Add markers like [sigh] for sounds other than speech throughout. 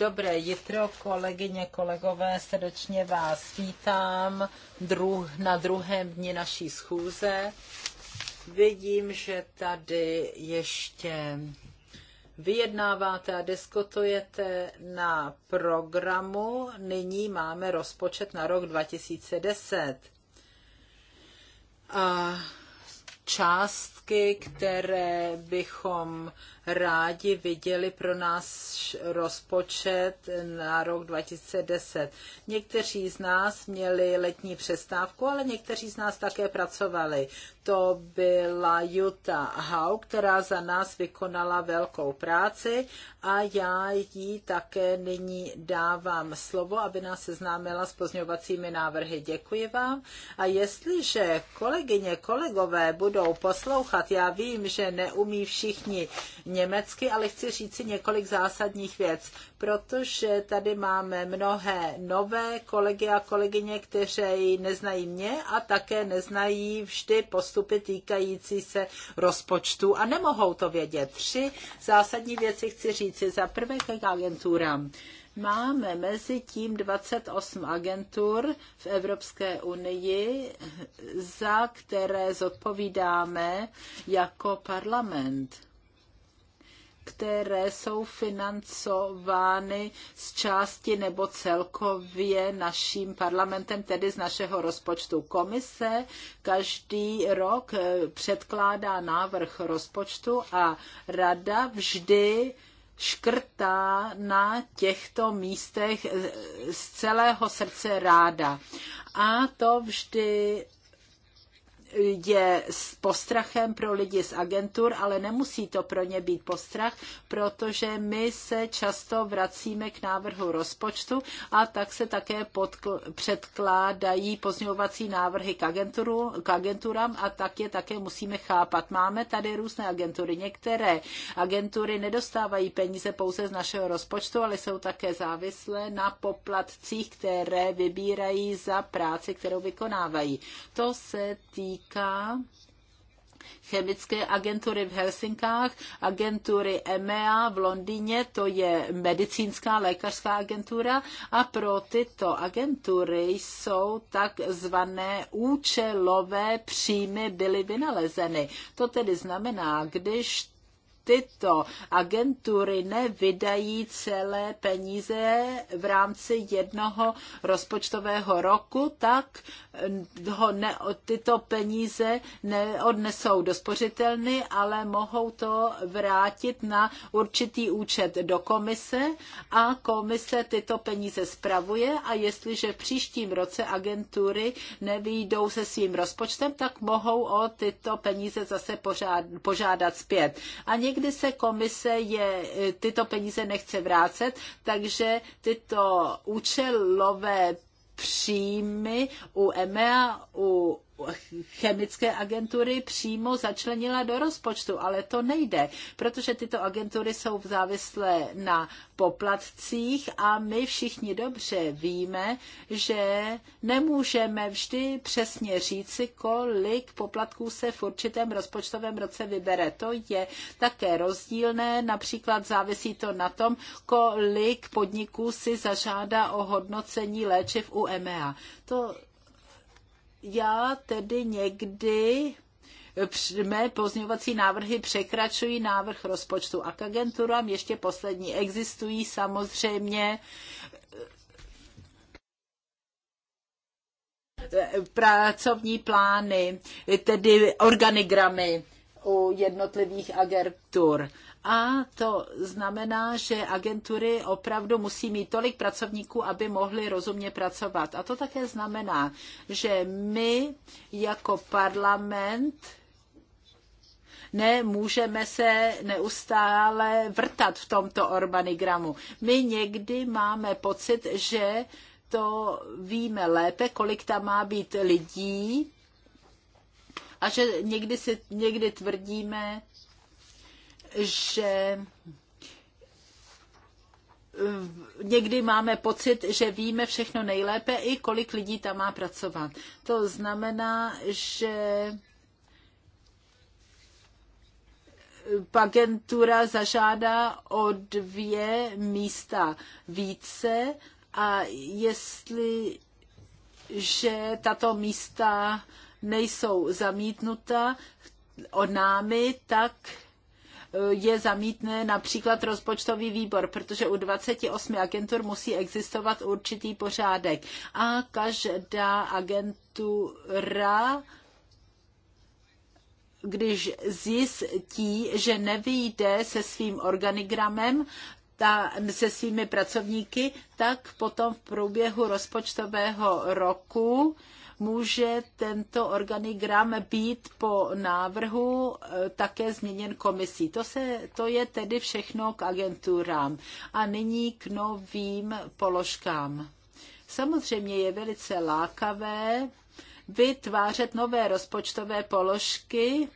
Dobré jitro, kolegyně, kolegové, srdečně vás vítám druh na druhém dni naší schůze. Vidím, že tady ještě vyjednáváte a diskutujete na programu. Nyní máme rozpočet na rok 2010. A částky, které bychom rádi viděli pro náš rozpočet na rok 2010. Někteří z nás měli letní přestávku, ale někteří z nás také pracovali. To byla Jutta Hau, která za nás vykonala velkou práci a já jí také nyní dávám slovo, aby nás seznámila s pozňovacími návrhy. Děkuji vám. A jestliže kolegyně, kolegové budou budou poslouchat. Já vím, že neumí všichni německy, ale chci říci několik zásadních věc, protože tady máme mnohé nové kolegy a kolegyně, kteří neznají mě a také neznají vždy postupy týkající se rozpočtu a nemohou to vědět. Tři zásadní věci chci říci. Za prvé k agenturám. Máme mezi tím 28 agentur v Evropské unii, za které zodpovídáme jako parlament které jsou financovány z části nebo celkově naším parlamentem, tedy z našeho rozpočtu. Komise každý rok předkládá návrh rozpočtu a rada vždy škrtá na těchto místech z celého srdce ráda. A to vždy je s postrachem pro lidi z agentur, ale nemusí to pro ně být postrach, protože my se často vracíme k návrhu rozpočtu a tak se také předkládají pozňovací návrhy k, agenturu, k agenturám a tak je také musíme chápat. Máme tady různé agentury. Některé agentury nedostávají peníze pouze z našeho rozpočtu, ale jsou také závislé na poplatcích, které vybírají za práci, kterou vykonávají. To se týká týká chemické agentury v Helsinkách, agentury EMEA v Londýně, to je medicínská lékařská agentura a pro tyto agentury jsou takzvané účelové příjmy byly vynalezeny. To tedy znamená, když tyto agentury nevydají celé peníze v rámci jednoho rozpočtového roku, tak eh, ho ne, tyto peníze neodnesou do spořitelny, ale mohou to vrátit na určitý účet do komise a komise tyto peníze spravuje a jestliže v příštím roce agentury nevýjdou se svým rozpočtem, tak mohou o tyto peníze zase pořád, požádat zpět. A někdy nikdy se komise je, e, tyto peníze nechce vracet, takže tyto účelové příjmy u EMEA, u chemické agentury přímo začlenila do rozpočtu, ale to nejde, protože tyto agentury jsou závislé na poplatcích a my všichni dobře víme, že nemůžeme vždy přesně říci, kolik poplatků se v určitém rozpočtovém roce vybere. To je také rozdílné, například závisí to na tom, kolik podniků si zažádá o hodnocení léčiv u EMEA. To já tedy někdy eh, mé pozměňovací návrhy překračují návrh rozpočtu a k agenturám ještě poslední. Existují samozřejmě eh, pracovní plány, tedy organigramy u jednotlivých agentur. A to znamená, že agentury opravdu musí mít tolik pracovníků, aby mohly rozumně pracovat. A to také znamená, že my jako parlament nemůžeme se neustále vrtat v tomto organigramu. My někdy máme pocit, že to víme lépe, kolik tam má být lidí a že někdy, si, někdy tvrdíme, že eh, někdy máme pocit, že víme všechno nejlépe i kolik lidí tam má pracovat. To znamená, že eh, agentura zažádá o dvě místa více a jestli že tato místa nejsou zamítnuta od námi, tak Eh, je zamítne například rozpočtový výbor, protože u 28 agentur musí existovat určitý pořádek a každá agentura když zjistí, že nevyjde se svým organigramem, ta, se svými pracovníky, tak potom v průběhu rozpočtového roku může tento organigram být po návrhu eh, také změněn komisí. To, se, to je tedy všechno k agenturám. A nyní k novým položkám. Samozřejmě je velice lákavé vytvářet nové rozpočtové položky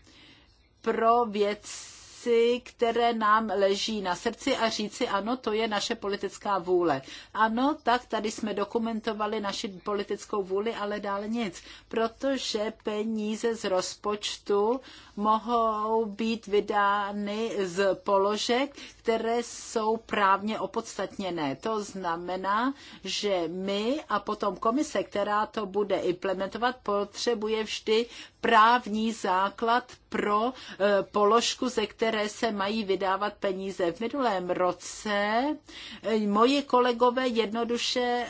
pro věci, věci, které nám leží na srdci a říci, ano, to je naše politická vůle. Ano, tak tady jsme dokumentovali naši politickou vůli, ale dále nic, protože peníze z rozpočtu mohou být vydány z položek, které jsou právně opodstatněné. To znamená, že my a potom komise, která to bude implementovat, potřebuje vždy právní základ pro eh, položku, ze které které se mají vydávat peníze. V minulém roce eh, moji kolegové jednoduše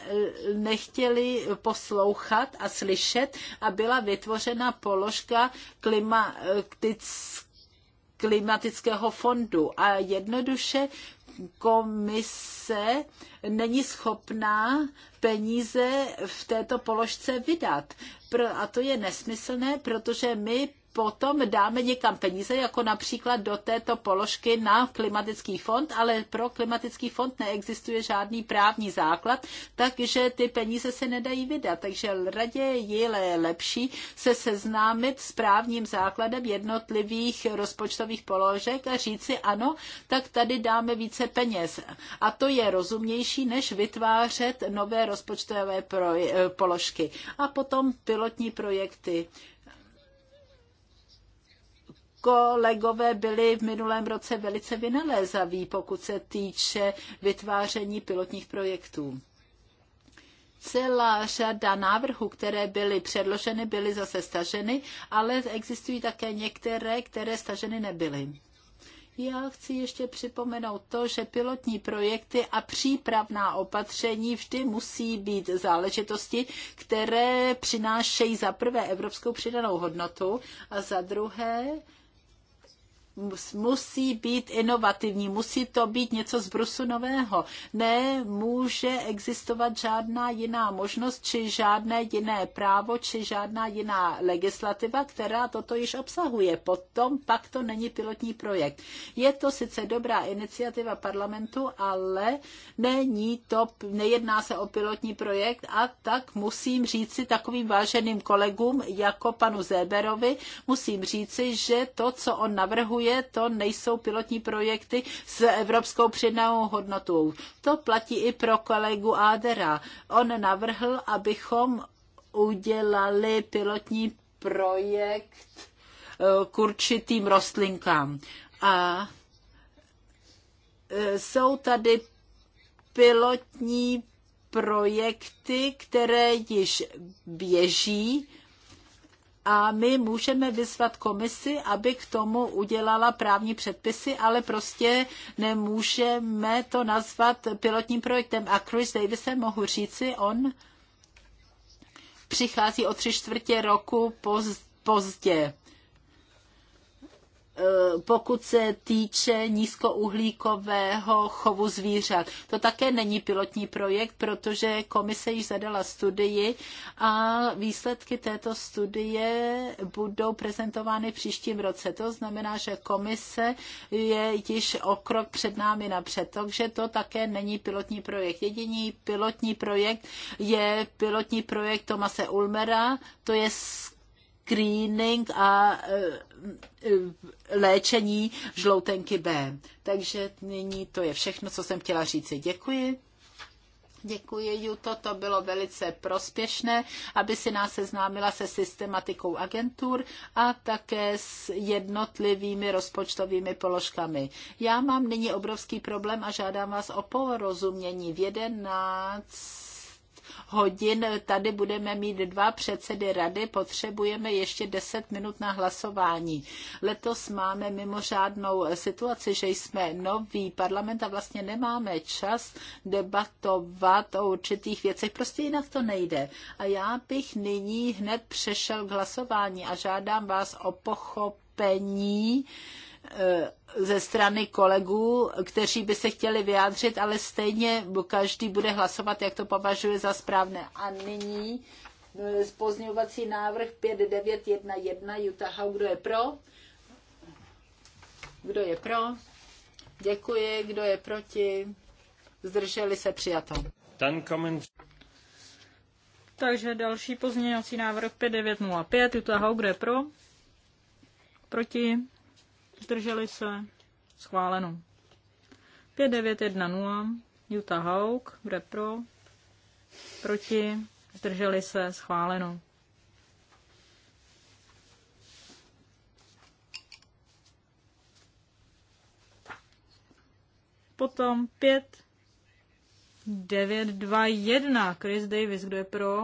eh, nechtěli poslouchat a slyšet a byla vytvořena položka eh, klimatického fondu a jednoduše komise není schopná peníze v této položce vydat. A to je nesmyslné, protože my potom dáme někam peníze, jako například do této položky na klimatický fond, ale pro klimatický fond neexistuje žádný právní základ, takže ty peníze se nedají vydat. Takže raději je lepší se seznámit s právním základem jednotlivých rozpočtových položek a říci ano, tak tady dáme více peněz. A to je rozumnější, než vytvářet nové rozpočtové položky. A potom pilotní projekty kolegové byli v minulém roce velice vynalézaví, pokud se týče vytváření pilotních projektů. Celá řada návrhů, které byly předloženy, byly zase staženy, ale existují také některé, které staženy nebyly. Já chci ještě připomenout to, že pilotní projekty a přípravná opatření vždy musí být záležitosti, které přinášejí za prvé evropskou přidanou hodnotu a za druhé musí být inovativní, musí to být něco z brusu nového. může existovat žádná jiná možnost, či žádné jiné právo, či žádná jiná legislativa, která toto již obsahuje. Potom pak to není pilotní projekt. Je to sice dobrá iniciativa parlamentu, ale není to, nejedná se o pilotní projekt a tak musím říci takovým váženým kolegům jako panu Zéberovi, musím říci, že to, co on navrhuje, je, to nejsou pilotní projekty s evropskou přidanou hodnotou. To platí i pro kolegu Ádera. On navrhl, abychom udělali pilotní projekt eh, k určitým rostlinkám. A eh, jsou tady pilotní projekty, které již běží a my můžeme vyzvat komisi, aby k tomu udělala právní předpisy, ale prostě nemůžeme to nazvat pilotním projektem. A Chris Davise mohu říci, on přichází o tři čtvrtě roku pozdě. Eh, pokud se týče nízkouhlíkového chovu zvířat. To také není pilotní projekt, protože komise již zadala studii a výsledky této studie budou prezentovány v příštím roce. To znamená, že komise je již o krok před námi napřed, takže to také není pilotní projekt. Jediný pilotní projekt je pilotní projekt Tomase Ulmera, to je screening a e, e, léčení žloutenky B. Takže nyní to je všechno, co jsem chtěla říci. Děkuji. Děkuji, Juto, to bylo velice prospěšné, aby si nás seznámila se systematikou agentur a také s jednotlivými rozpočtovými položkami. Já mám nyní obrovský problém a žádám vás o porozumění. V 11 hodin tady budeme mít dva předsedy rady, potřebujeme ještě 10 minut na hlasování. Letos máme mimořádnou situaci, že jsme nový parlament a vlastně nemáme čas debatovat o určitých věcech. Prostě jinak to nejde. A já bych nyní hned přešel k hlasování a žádám vás o pochopení Eh, ze strany kolegů, kteří by se chtěli vyjádřit, ale stejně každý bude hlasovat, jak to považuje za správné. A nyní eh, pozměňovací návrh 5911 Utah. kdo je pro? Kdo je pro? Děkuji, kdo je proti? Zdrželi se přijato. Takže další pozměňovací návrh 5905, Jutta kdo je pro? Proti? Zdrželi se? Schváleno. 5910 Utah Hawk, kde pro, proti, zdrželi se, schváleno. Potom 5, 9, 2, 1, Chris Davis, kdo je pro?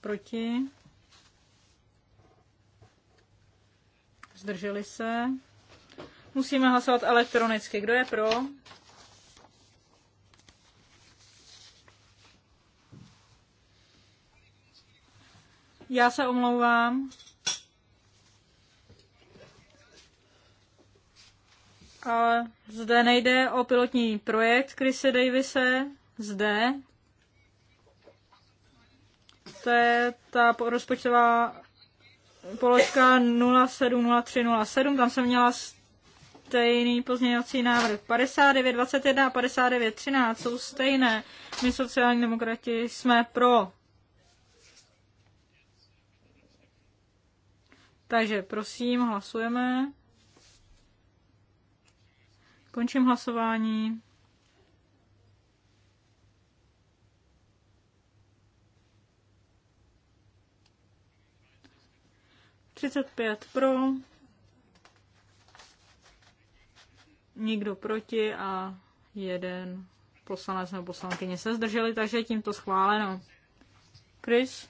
Proti zdrželi se. Musíme hlasovat elektronicky. Kdo je pro? Já se omlouvám. Ale zde nejde o pilotní projekt Chrisse Davise. Zde. To je ta rozpočtová položka 070307, tam jsem měla stejný pozměňovací návrh. 5921 a 5913 jsou stejné. My sociální demokrati jsme pro. Takže prosím, hlasujeme. Končím hlasování. 35 pro, nikdo proti a jeden poslanec nebo poslankyně se zdrželi, takže tímto schváleno. Chris?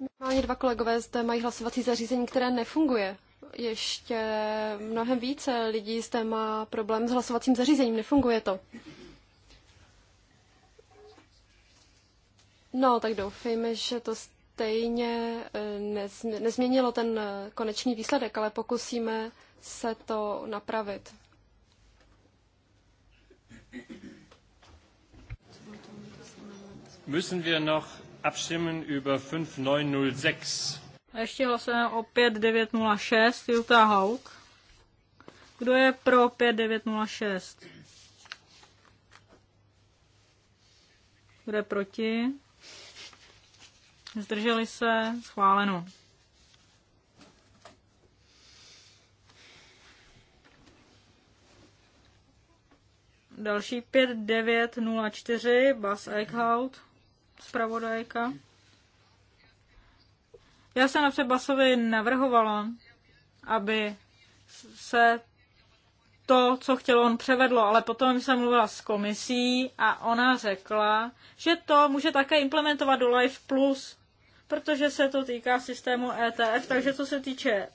Minimálně dva kolegové zde mají hlasovací zařízení, které nefunguje. Ještě mnohem více lidí zde má problém s hlasovacím zařízením, nefunguje to. No, tak doufejme, že to stejně eh, nezměnilo ten eh, konečný výsledek, ale pokusíme se to napravit. Müssen wir noch abstimmen über 5906? ještě hlasujeme o 5906 Utah Hawk. Kdo je pro 5906? Kdo je proti? Zdrželi se? Schváleno. Další 5904, Bas Eichhout, zpravodajka. Já jsem napřed Basovi navrhovala, aby se to, co chtěl, on převedlo, ale potom jsem mluvila s komisí a ona řekla, že to může také implementovat do Life Plus protože se to týká systému ETF, takže co se týče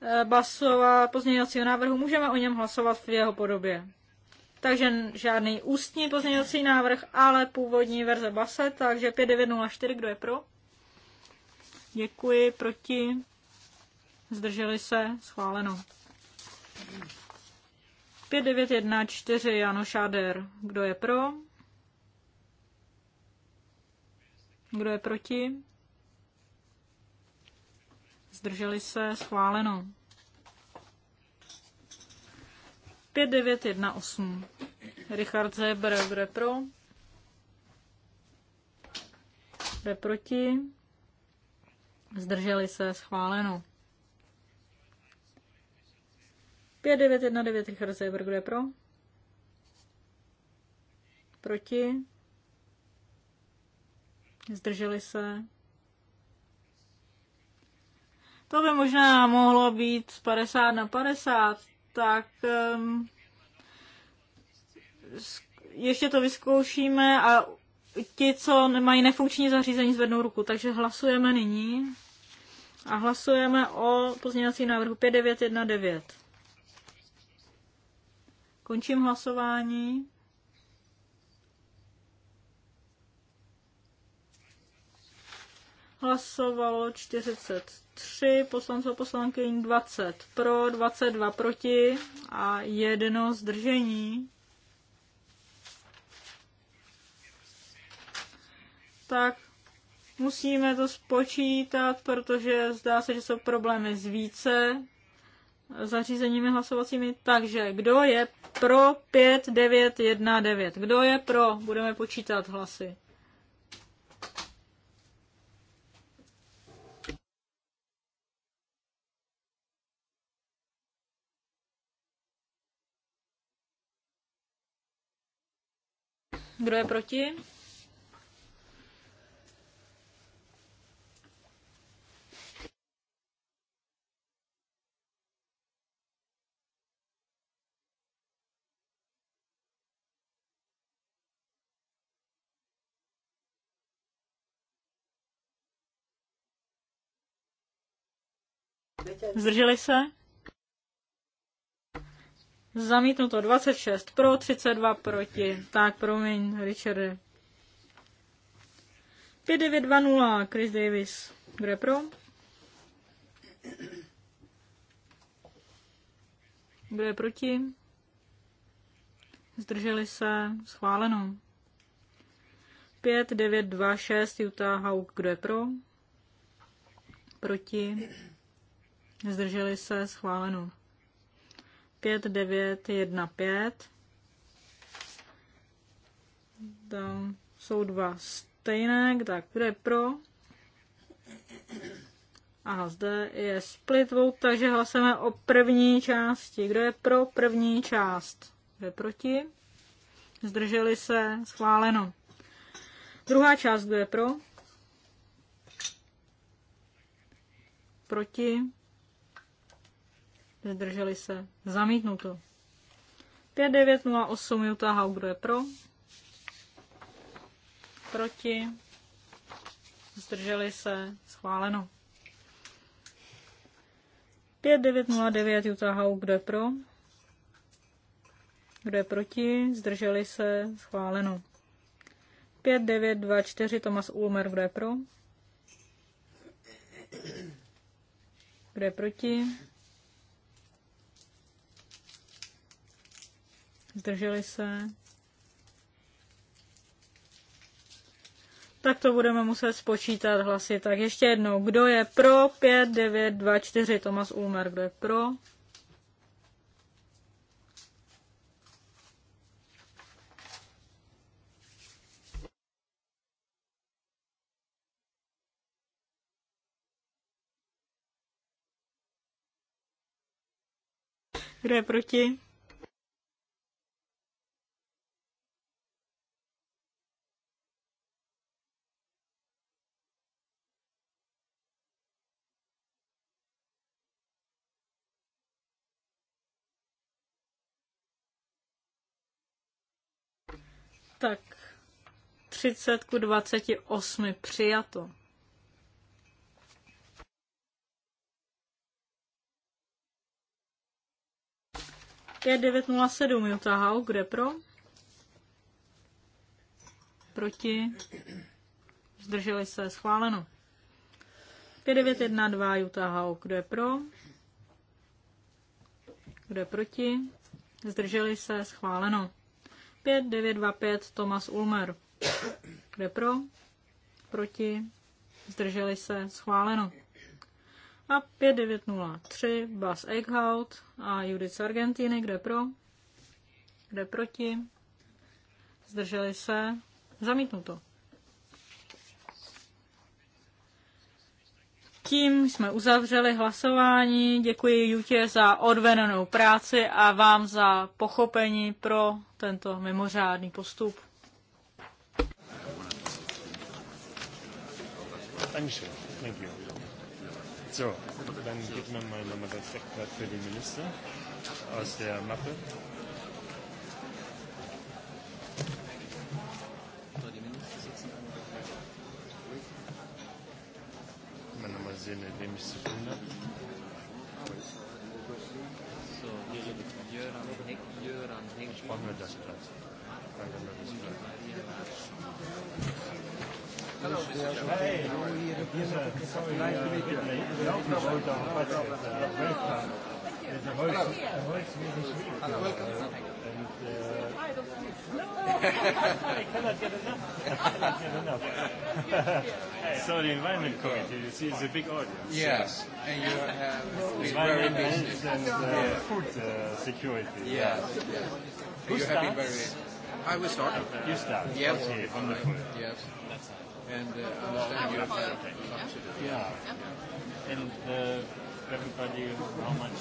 eh, Basova pozměňovacího návrhu, můžeme o něm hlasovat v jeho podobě. Takže žádný ústní pozměňovací návrh, ale původní verze base, takže 5904, kdo je pro? Děkuji, proti? Zdrželi se, schváleno. 5914 Jano Šáder, kdo je pro? Kdo je proti? Zdrželi se? Schváleno. 5-9-1-8. Richard Zeber, kdo je pro? Kdo je proti? Zdrželi se? Schváleno. 5-9-1-9. Richard Zeber, kdo je pro? Proti? Zdrželi se? To by možná mohlo být 50 na 50, tak um, ještě to vyzkoušíme a ti, co mají nefunkční zařízení, zvednou ruku. Takže hlasujeme nyní a hlasujeme o pozměňovací návrhu 5919. Končím hlasování. Hlasovalo 43 poslanců a poslankyň, 20 pro, 22 proti a jedno zdržení. Tak musíme to spočítat, protože zdá se, že jsou problémy s více zařízeními hlasovacími. Takže kdo je pro 5919? Kdo je pro? Budeme počítat hlasy. Kdo je proti? Zdrželi se? Zamítnuto 26 pro, 32 proti. Tak, promiň, Richarde. 5920, Chris Davis. Kdo je pro? Kdo je proti? Zdrželi se. Schváleno. 5, 9, 2, 6, Utah Hawk. Kdo je pro? Proti? Zdrželi se. Schváleno. 5915. Tam jsou dva stejné, tak kde pro? A zde je split vote, takže hlasujeme o první části. Kdo je pro první část? Kdo je proti? Zdrželi se? Schváleno. Druhá část, kdo je pro? Proti? Zdrželi se. Zamítnuto. 5908 Utah Hawk, kdo je pro? Proti? Zdrželi se. Schváleno. 5909 Utah Hawk, kdo je pro? Kdo je proti? Zdrželi se. Schváleno. 5924 Tomas Ulmer, kdo je pro? Kdo je proti? zdrželi se. Tak to budeme muset spočítat hlasy. Tak ještě jednou, kdo je pro 5, 9, 2, 4, Tomas Ulmer, kdo je pro? Kdo je proti? tak 30 ku 28 přijato. Je 907 Jutta Haug, kde pro? Proti? Zdrželi se, schváleno. 5912 Jutta Haug, kdo je pro? Kdo je proti? Zdrželi se, schváleno. 5925 Tomas Ulmer. Kde pro? Proti? Zdrželi se? Schváleno. A 5903 Bas Eichhout a Judith Argentiny. Kde pro? Kde proti? Zdrželi se? Zamítnuto. Tím jsme uzavřeli hlasování. Děkuji Jutě za odvedenou práci a vám za pochopení pro tento mimořádný postup. So, dann gibt man mal nochmal das Eckblatt für Minister aus der Mappe. Sinne, dem ist zu So, Jöran, Heck, Jöran, Heck. Ich brauche nur das Platz. Danke, mir das Platz. Hallo, Hey, nice to meet you. Welcome. Welcome. Welcome. No, I cannot get enough. I cannot get enough. so the environment committee, you see, is a big audience. Yes, and you have [laughs] environment very busy. And uh, yeah. food uh, security. Yes, Yeah. Who starts? very. I will start. Uh, you start. Yes. Okay, from the food. Yes. And uh, understand you have okay. Yeah. yeah. And uh, everybody, how much?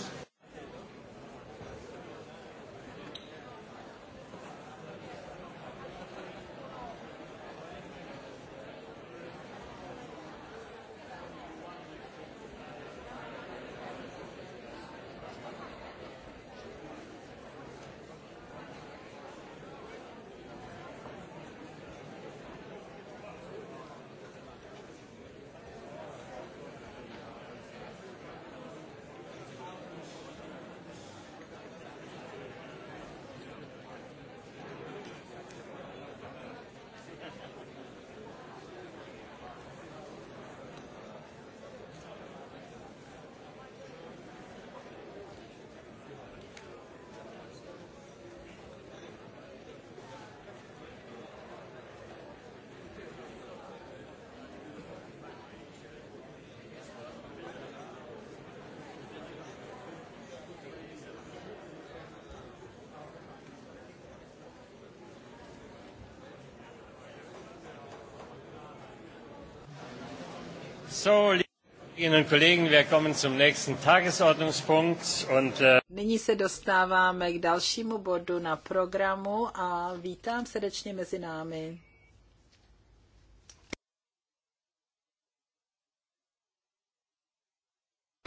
Nyní se dostáváme k dalšímu bodu na programu a vítám srdečně mezi námi.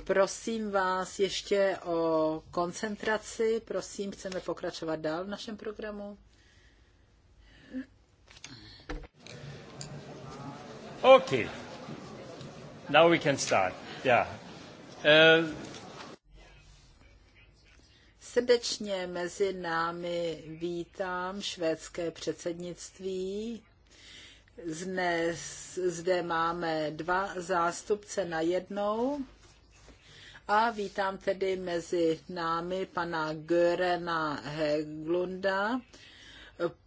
Prosím vás ještě o koncentraci. Prosím, chceme pokračovat dál v našem programu. Okay. Now we can start. Yeah. Uh... Srdečně mezi námi vítám švédské předsednictví. Dnes zde máme dva zástupce na jednou. A vítám tedy mezi námi pana Görena Heglunda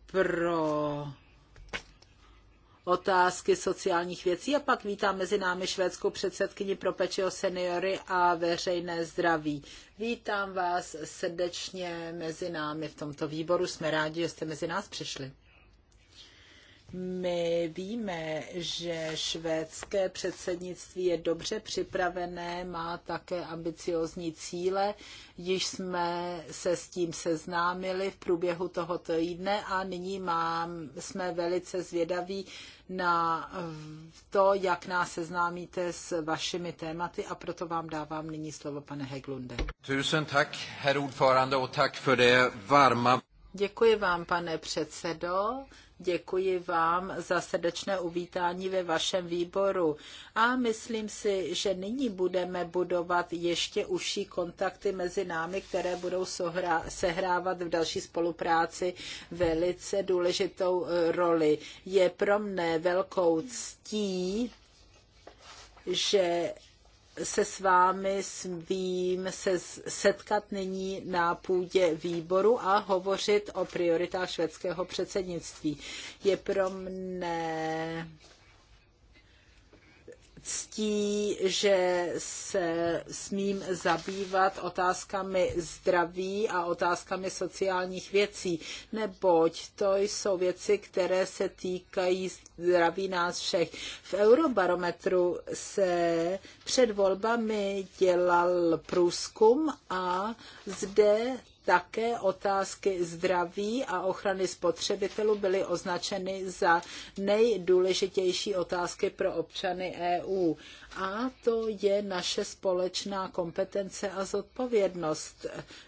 pro otázky sociálních věcí a pak vítám mezi námi švédskou předsedkyni pro peči o seniory a veřejné zdraví. Vítám vás srdečně mezi námi v tomto výboru. Jsme rádi, že jste mezi nás přišli. My víme, že švédské předsednictví je dobře připravené, má také ambiciozní cíle, již jsme se s tím seznámili v průběhu tohoto týdne a nyní mám, jsme velice zvědaví na to, jak nás seznámíte s vašimi tématy a proto vám dávám nyní slovo, pane Heglunde. Tusen tak, herr varma. Děkuji vám, pane předsedo. Děkuji vám za srdečné uvítání ve vašem výboru a myslím si, že nyní budeme budovat ještě užší kontakty mezi námi, které budou sohra- sehrávat v další spolupráci velice důležitou eh, roli. Je pro mne velkou ctí, že se s vámi svým se setkat nyní na půdě výboru a hovořit o prioritách švédského předsednictví. Je pro mne ctí, že se smím zabývat otázkami zdraví a otázkami sociálních věcí, neboť to jsou věci, které se týkají zdraví nás všech. V Eurobarometru se před volbami dělal průzkum a zde také otázky zdraví a ochrany spotřebitelů byly označeny za nejdůležitější otázky pro občany EU. A to je naše společná kompetence a zodpovědnost.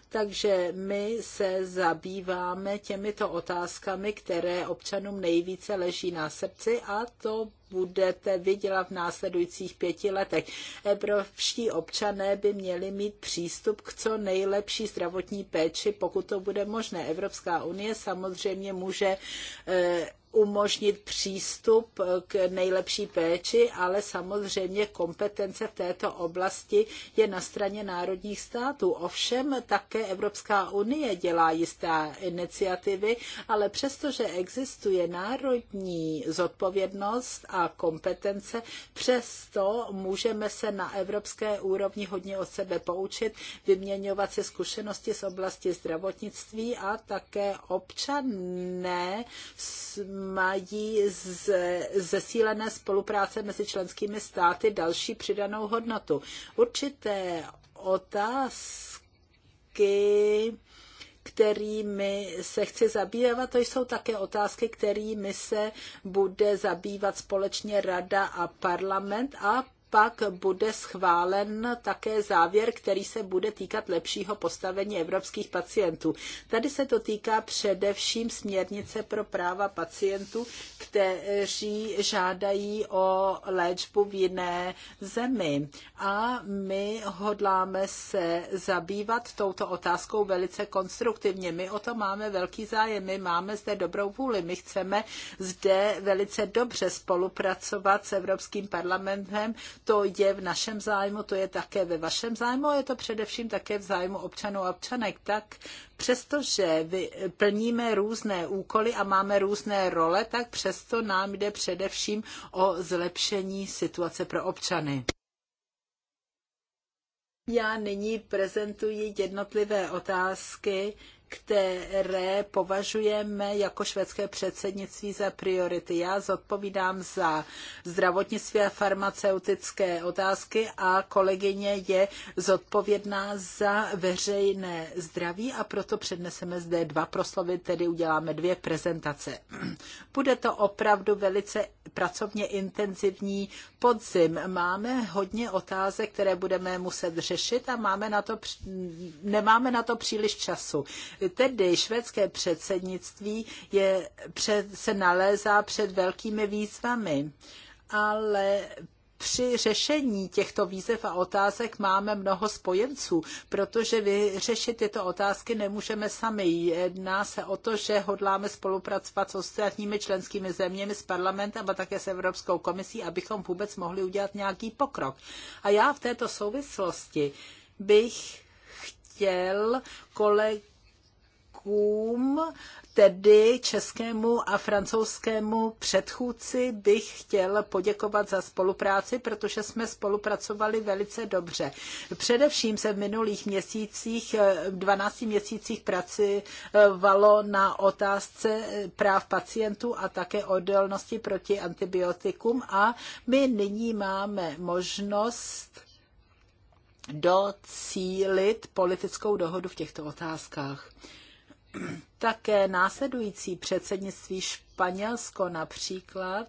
Takže my se zabýváme těmito otázkami, které občanům nejvíce leží na srdci a to budete vydělat v následujících pěti letech. Evropští občané by měli mít přístup k co nejlepší zdravotní péči, pokud to bude možné. Evropská unie samozřejmě může eh, umožnit přístup k nejlepší péči, ale samozřejmě kompetence v této oblasti je na straně národních států. Ovšem také Evropská unie dělá jisté iniciativy, ale přestože existuje národní zodpovědnost a kompetence, přesto můžeme se na evropské úrovni hodně od sebe poučit, vyměňovat se zkušenosti z oblasti zdravotnictví a také občané s mají zesílené spolupráce mezi členskými státy další přidanou hodnotu. Určité otázky kterými se chci zabývat. To jsou také otázky, kterými se bude zabývat společně Rada a parlament a pak bude schválen také závěr, který se bude týkat lepšího postavení evropských pacientů. Tady se to týká především směrnice pro práva pacientů, kteří žádají o léčbu v jiné zemi. A my hodláme se zabývat touto otázkou velice konstruktivně. My o to máme velký zájem, my máme zde dobrou vůli, my chceme zde velice dobře spolupracovat s Evropským parlamentem, to je v našem zájmu, to je také ve vašem zájmu a je to především také v zájmu občanů a občanek. Tak přestože plníme různé úkoly a máme různé role, tak přesto nám jde především o zlepšení situace pro občany. Já nyní prezentuji jednotlivé otázky, které považujeme jako švédské předsednictví za priority. Já zodpovídám za zdravotnictví a farmaceutické otázky a kolegyně je zodpovědná za veřejné zdraví a proto předneseme zde dva proslovy, tedy uděláme dvě prezentace. [clears throat] Bude to opravdu velice pracovně intenzivní podzim. Máme hodně otázek, které budeme muset řešit a máme na to, nemáme na to příliš času. Tedy švédské předsednictví je, se nalézá před velkými výzvami ale při řešení těchto výzev a otázek máme mnoho spojenců, protože vyřešit tyto otázky nemůžeme sami. Jedná se o to, že hodláme spolupracovat s ostatními členskými zeměmi, s parlamentem a také s Evropskou komisí, abychom vůbec mohli udělat nějaký pokrok. A já v této souvislosti bych chtěl kolegům tedy českému a francouzskému předchůdci bych chtěl poděkovat za spolupráci, protože jsme spolupracovali velice dobře. Především se v minulých měsících, 12 měsících pracovalo na otázce práv pacientů a také odolnosti proti antibiotikum a my nyní máme možnost docílit politickou dohodu v těchto otázkách. Také následující předsednictví Španělsko například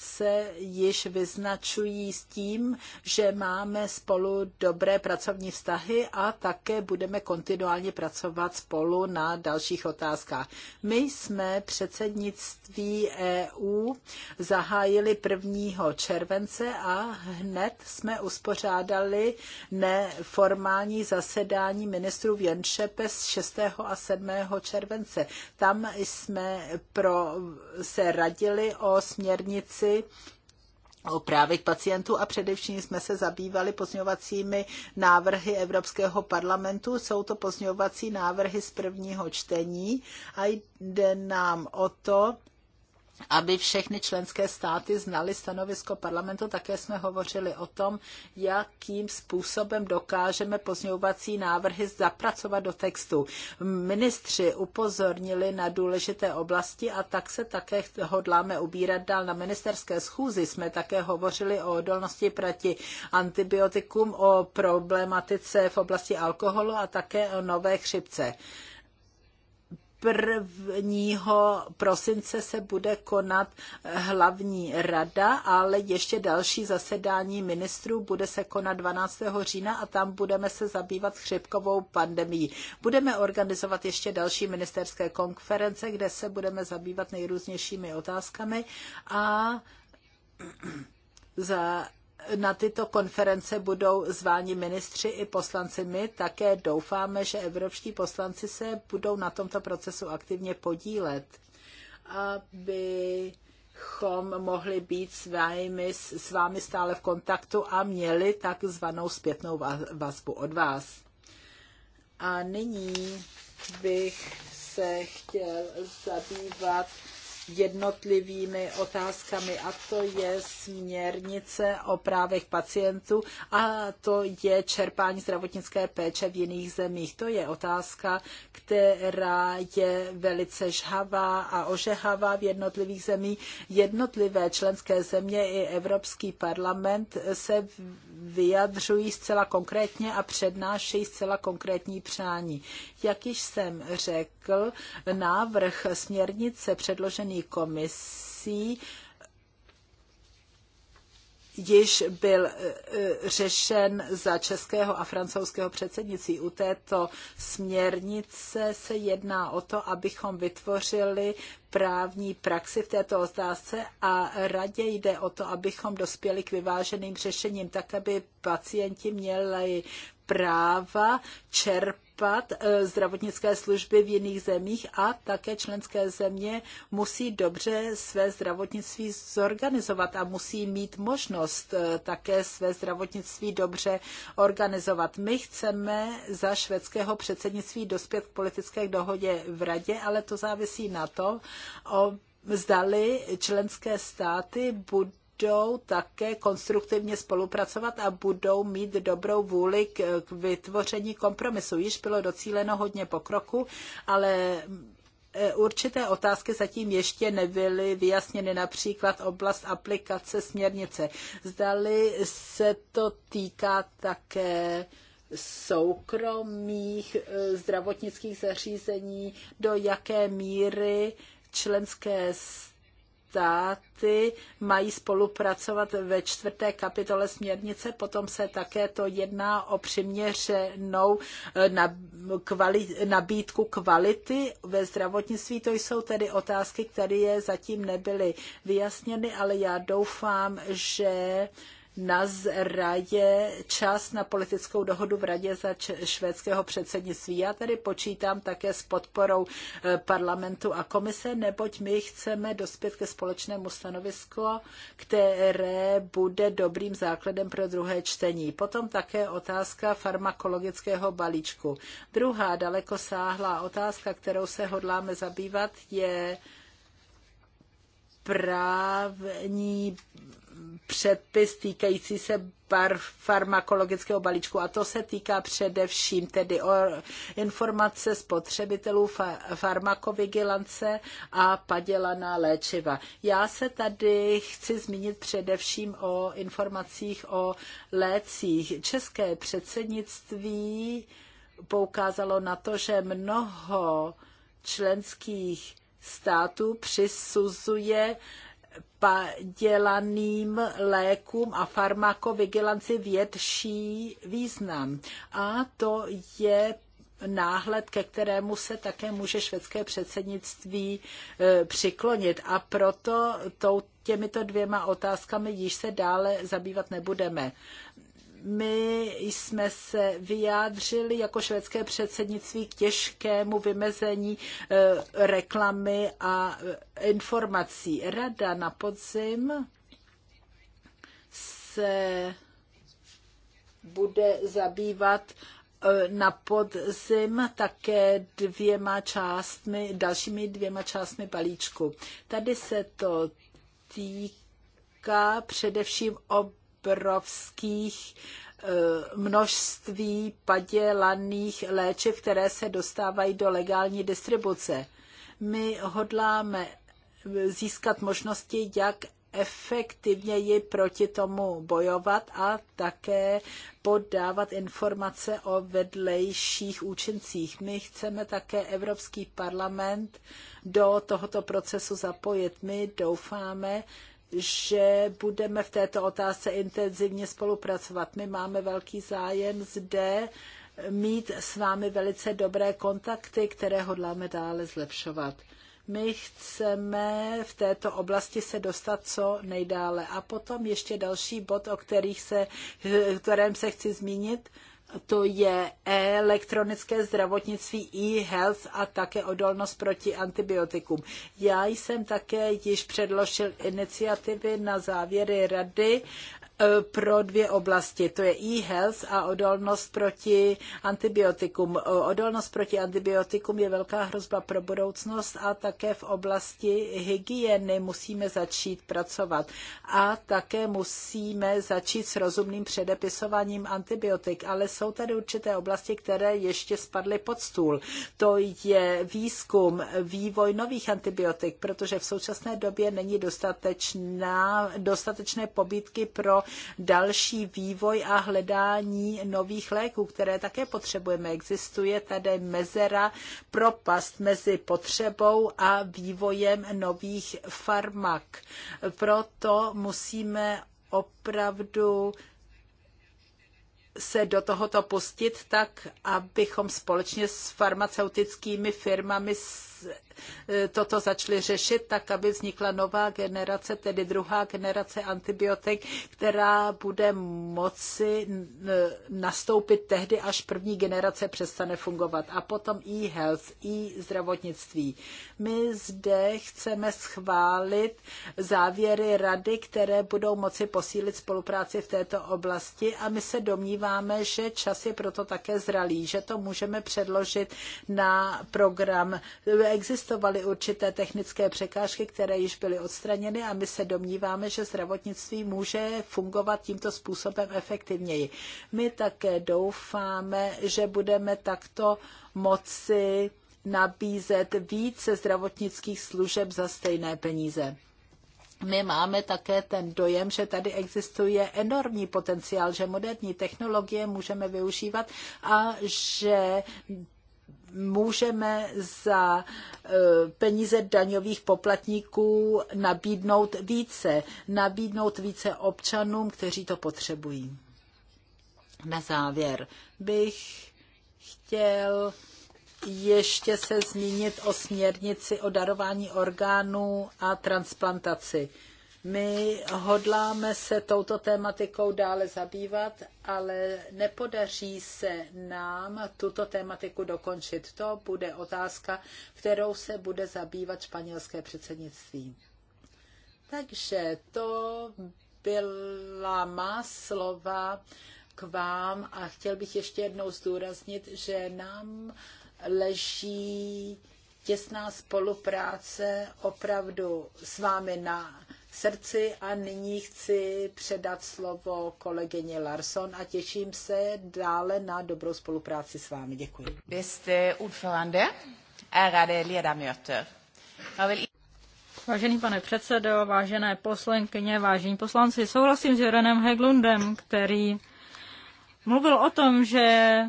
se již vyznačují s tím, že máme spolu dobré pracovní vztahy a také budeme kontinuálně pracovat spolu na dalších otázkách. My jsme předsednictví EU zahájili 1. července a hned jsme uspořádali neformální zasedání ministrů v Jenšepe z 6. a 7. července. Tam jsme pro, se radili o směrnici diskuzi o právech pacientů a především jsme se zabývali pozňovacími návrhy Evropského parlamentu. Jsou to pozňovací návrhy z prvního čtení a jde nám o to, aby všechny členské státy znaly stanovisko parlamentu. Také jsme hovořili o tom, jakým způsobem dokážeme pozňovací návrhy zapracovat do textu. Ministři upozornili na důležité oblasti a tak se také hodláme ubírat dál. Na ministerské schůzi jsme také hovořili o odolnosti proti antibiotikům, o problematice v oblasti alkoholu a také o nové chřipce prvního prosince se bude konat hlavní rada, ale ještě další zasedání ministrů bude se konat 12. října a tam budeme se zabývat chřipkovou pandemií. Budeme organizovat ještě další ministerské konference, kde se budeme zabývat nejrůznějšími otázkami a za na tyto konference budou zváni ministři i poslanci. My také doufáme, že evropští poslanci se budou na tomto procesu aktivně podílet, abychom mohli být s vámi, s vámi stále v kontaktu a měli takzvanou zpětnou vazbu od vás. A nyní bych se chtěl zabývat jednotlivými otázkami a to je směrnice o právech pacientů a to je čerpání zdravotnické péče v jiných zemích. To je otázka, která je velice žhavá a ožehavá v jednotlivých zemích. Jednotlivé členské země i Evropský parlament se vyjadřují zcela konkrétně a přednášejí zcela konkrétní přání. Jak již jsem řekl, řekl, návrh směrnice předložený komisí již byl e, e, řešen za českého a francouzského předsednictví. U této směrnice se jedná o to, abychom vytvořili právní praxi v této otázce a radě jde o to, abychom dospěli k vyváženým řešením, tak aby pacienti měli práva čerpat eh, zdravotnické služby v jiných zemích a také členské země musí dobře své zdravotnictví zorganizovat a musí mít možnost eh, také své zdravotnictví dobře organizovat. My chceme za švédského předsednictví dospět k politické dohodě v radě, ale to závisí na tom, o zdali členské státy budou budou také konstruktivně spolupracovat a budou mít dobrou vůli k, k vytvoření kompromisu. Již bylo docíleno hodně pokroku, ale e, určité otázky zatím ještě nebyly vyjasněny, například oblast aplikace směrnice. Zdali se to týká také soukromých e, zdravotnických zařízení, do jaké míry členské státy mají spolupracovat ve čtvrté kapitole směrnice, potom se také to jedná o přiměřenou eh, nabídku kvality ve zdravotnictví. To jsou tedy otázky, které zatím nebyly vyjasněny, ale já doufám, že Radě čas na politickou dohodu v radě za švédského předsednictví. Já tedy počítám také s podporou eh, parlamentu a komise, neboť my chceme dospět ke společnému stanovisku, které bude dobrým základem pro druhé čtení. Potom také otázka farmakologického balíčku. Druhá daleko sáhlá otázka, kterou se hodláme zabývat, je právní předpis týkající se farmakologického balíčku a to se týká především tedy o informace spotřebitelů, fa- farmakovigilance a padělaná léčiva. Já se tady chci zmínit především o informacích o lécích. České předsednictví poukázalo na to, že mnoho členských států přisuzuje padělaným lékům a farmakovigilanci větší význam. A to je náhled, ke kterému se také může švédské předsednictví e, přiklonit. A proto tou, těmito dvěma otázkami již se dále zabývat nebudeme my jsme se vyjádřili jako švédské předsednictví k těžkému vymezení eh, reklamy a eh, informací. Rada na podzim se bude zabývat eh, na podzim také dvěma částmi, dalšími dvěma částmi balíčku. Tady se to týká především ob obrovských eh, množství padělaných léčiv, které se dostávají do legální distribuce. My hodláme získat možnosti, jak efektivněji proti tomu bojovat a také podávat informace o vedlejších účincích. My chceme také Evropský parlament do tohoto procesu zapojit. My doufáme, že budeme v této otázce intenzivně spolupracovat. My máme velký zájem zde mít s vámi velice dobré kontakty, které hodláme dále zlepšovat. My chceme v této oblasti se dostat co nejdále. A potom ještě další bod, o kterých se, kterém se chci zmínit, to je elektronické zdravotnictví e-health a také odolnost proti antibiotikům. Já jsem také již předložil iniciativy na závěry rady Eh, pro dvě oblasti. To je e-health a odolnost proti antibiotikum. Eh, odolnost proti antibiotikum je velká hrozba pro budoucnost a také v oblasti hygieny musíme začít pracovat. A také musíme začít s rozumným předepisováním antibiotik. Ale jsou tady určité oblasti, které ještě spadly pod stůl. To je výzkum, vývoj nových antibiotik, protože v současné době není dostatečná, dostatečné pobídky pro další vývoj a hledání nových léků, které také potřebujeme. Existuje tady mezera, propast mezi potřebou a vývojem nových farmak. Proto musíme opravdu se do tohoto pustit tak, abychom společně s farmaceutickými firmami toto začali řešit, tak aby vznikla nová generace, tedy druhá generace antibiotik, která bude moci nastoupit tehdy, až první generace přestane fungovat. A potom e-health, e-zdravotnictví. My zde chceme schválit závěry rady, které budou moci posílit spolupráci v této oblasti a my se domníváme, že čas je proto také zralý, že to můžeme předložit na program existovaly určité technické překážky, které již byly odstraněny a my se domníváme, že zdravotnictví může fungovat tímto způsobem efektivněji. My také doufáme, že budeme takto moci nabízet více zdravotnických služeb za stejné peníze. My máme také ten dojem, že tady existuje enormní potenciál, že moderní technologie můžeme využívat a že můžeme za e, peníze daňových poplatníků nabídnout více, nabídnout více občanům, kteří to potřebují. Na závěr bych chtěl ještě se zmínit o směrnici o darování orgánů a transplantaci. My hodláme se touto tématikou dále zabývat, ale nepodaří se nám tuto tématiku dokončit. To bude otázka, kterou se bude zabývat španělské předsednictví. Takže to byla má slova k vám a chtěl bych ještě jednou zdůraznit, že nám leží těsná spolupráce opravdu s vámi na srdci a nyní chci předat slovo kolegyně Larson a těším se dále na dobrou spolupráci s vámi. Děkuji. Vážený pane předsedo, vážené poslankyně, vážení poslanci, souhlasím s Jorenem Heglundem, který mluvil o tom, že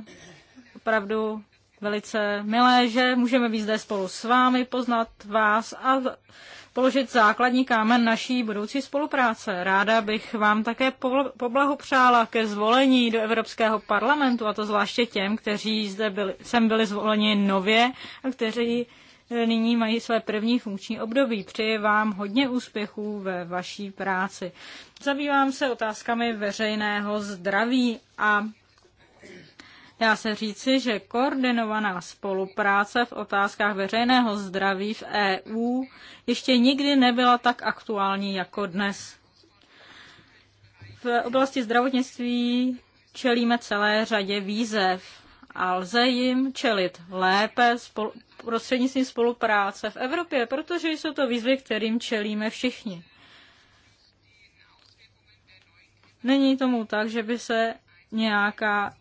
opravdu velice milé, že můžeme být zde spolu s vámi, poznat vás a položit základní kámen naší budoucí spolupráce. Ráda bych vám také poblahopřála ke zvolení do Evropského parlamentu, a to zvláště těm, kteří zde byli, sem byli zvoleni nově a kteří e, nyní mají své první funkční období. Přeji vám hodně úspěchů ve vaší práci. Zabývám se otázkami veřejného zdraví a já se říci, že koordinovaná spolupráce v otázkách veřejného zdraví v EU ještě nikdy nebyla tak aktuální jako dnes. V oblasti zdravotnictví čelíme celé řadě výzev a lze jim čelit lépe spolu, prostřednictvím spolupráce v Evropě, protože jsou to výzvy, kterým čelíme všichni. Není tomu tak, že by se nějaká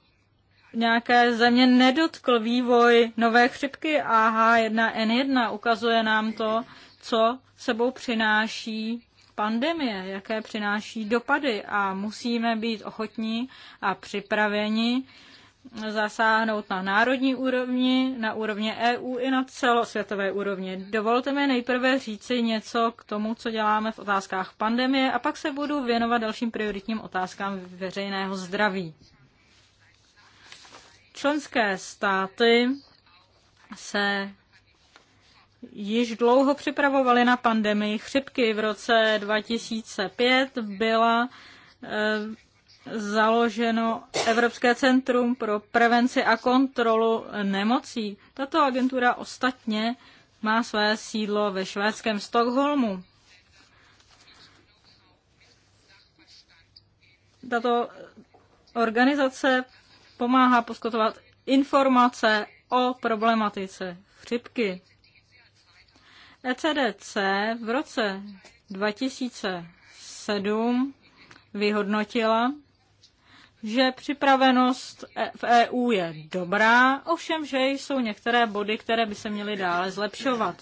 nějaké země nedotkl vývoj nové chřipky AH1N1. Ukazuje nám to, co sebou přináší pandemie, jaké přináší dopady a musíme být ochotní a připraveni zasáhnout na národní úrovni, na úrovni EU i na celosvětové úrovni. Dovolte mi nejprve říci něco k tomu, co děláme v otázkách pandemie a pak se budu věnovat dalším prioritním otázkám veřejného zdraví. Členské státy se již dlouho připravovali na pandemii chřipky. V roce 2005 byla eh, založeno Evropské centrum pro prevenci a kontrolu nemocí. Tato agentura ostatně má své sídlo ve švédském Stockholmu. Tato organizace pomáhá poskytovat informace o problematice chřipky. ECDC v roce 2007 vyhodnotila, že připravenost e- v EU je dobrá, ovšem, že jsou některé body, které by se měly dále zlepšovat.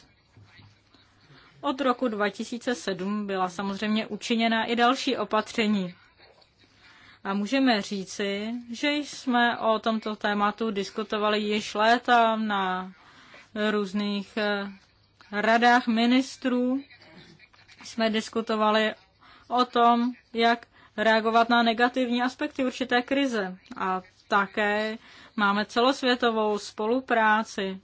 Od roku 2007 byla samozřejmě učiněna i další opatření. A můžeme říci, že jsme o tomto tématu diskutovali již léta na různých eh, radách ministrů. Jsme diskutovali o tom, jak reagovat na negativní aspekty určité krize. A také máme celosvětovou spolupráci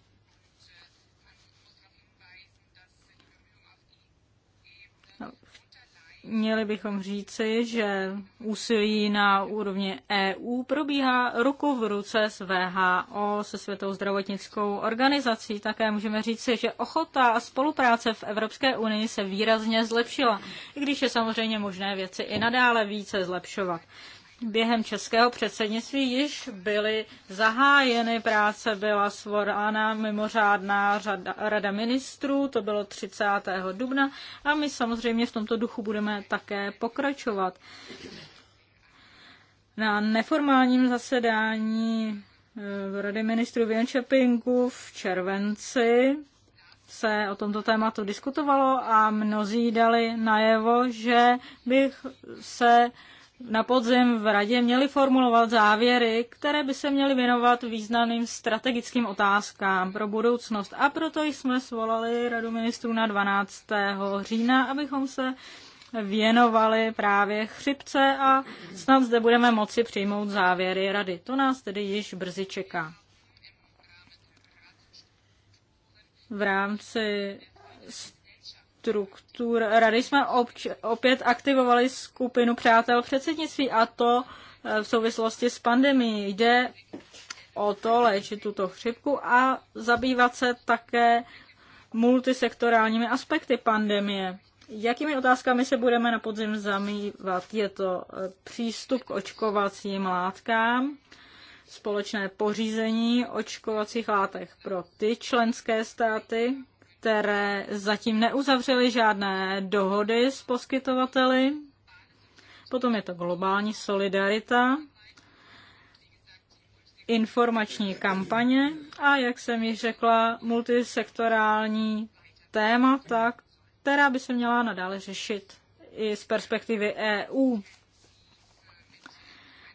měli bychom říci, že úsilí na úrovni EU probíhá ruku v ruce s VHO, se Světovou zdravotnickou organizací. Také můžeme říci, že ochota a spolupráce v Evropské unii se výrazně zlepšila, i když je samozřejmě možné věci i nadále více zlepšovat během českého předsednictví již byly zahájeny práce, byla svorána mimořádná řada, rada ministrů, to bylo 30. dubna a my samozřejmě v tomto duchu budeme také pokračovat. Na neformálním zasedání v eh, Rady ministrů v v červenci se o tomto tématu diskutovalo a mnozí dali najevo, že bych se na podzim v radě měli formulovat závěry, které by se měly věnovat významným strategickým otázkám pro budoucnost. A proto jsme svolali radu ministrů na 12. října, abychom se věnovali právě chřipce a snad zde budeme moci přijmout závěry rady. To nás tedy již brzy čeká. V rámci struktur rady jsme obč, opět aktivovali skupinu přátel předsednictví a to eh, v souvislosti s pandemií. Jde o to léčit tuto chřipku a zabývat se také multisektorálními aspekty pandemie. Jakými otázkami se budeme na podzim zamývat? Je to eh, přístup k očkovacím látkám, společné pořízení očkovacích látek pro ty členské státy, které zatím neuzavřely žádné dohody s poskytovateli. Potom je to globální solidarita, informační kampaně a, jak jsem již řekla, multisektorální témata, která by se měla nadále řešit i z perspektivy EU.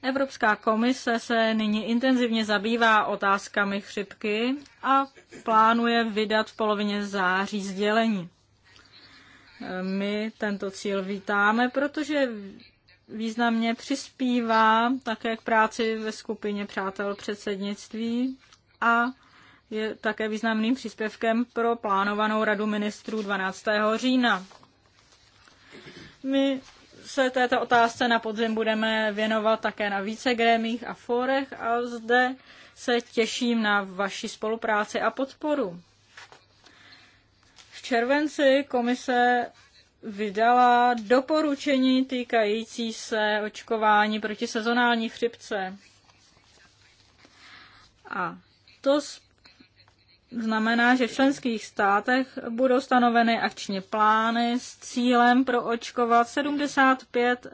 Evropská komise se nyní intenzivně zabývá otázkami chřipky a plánuje vydat v polovině září sdělení. My tento cíl vítáme, protože významně přispívá také k práci ve skupině přátel předsednictví a je také významným příspěvkem pro plánovanou radu ministrů 12. října. My se této otázce na podzim budeme věnovat také na více grémích a fórech a zde se těším na vaši spolupráci a podporu. V červenci komise vydala doporučení týkající se očkování proti sezonální chřipce. A to znamená, že v členských státech budou stanoveny akční plány s cílem proočkovat 75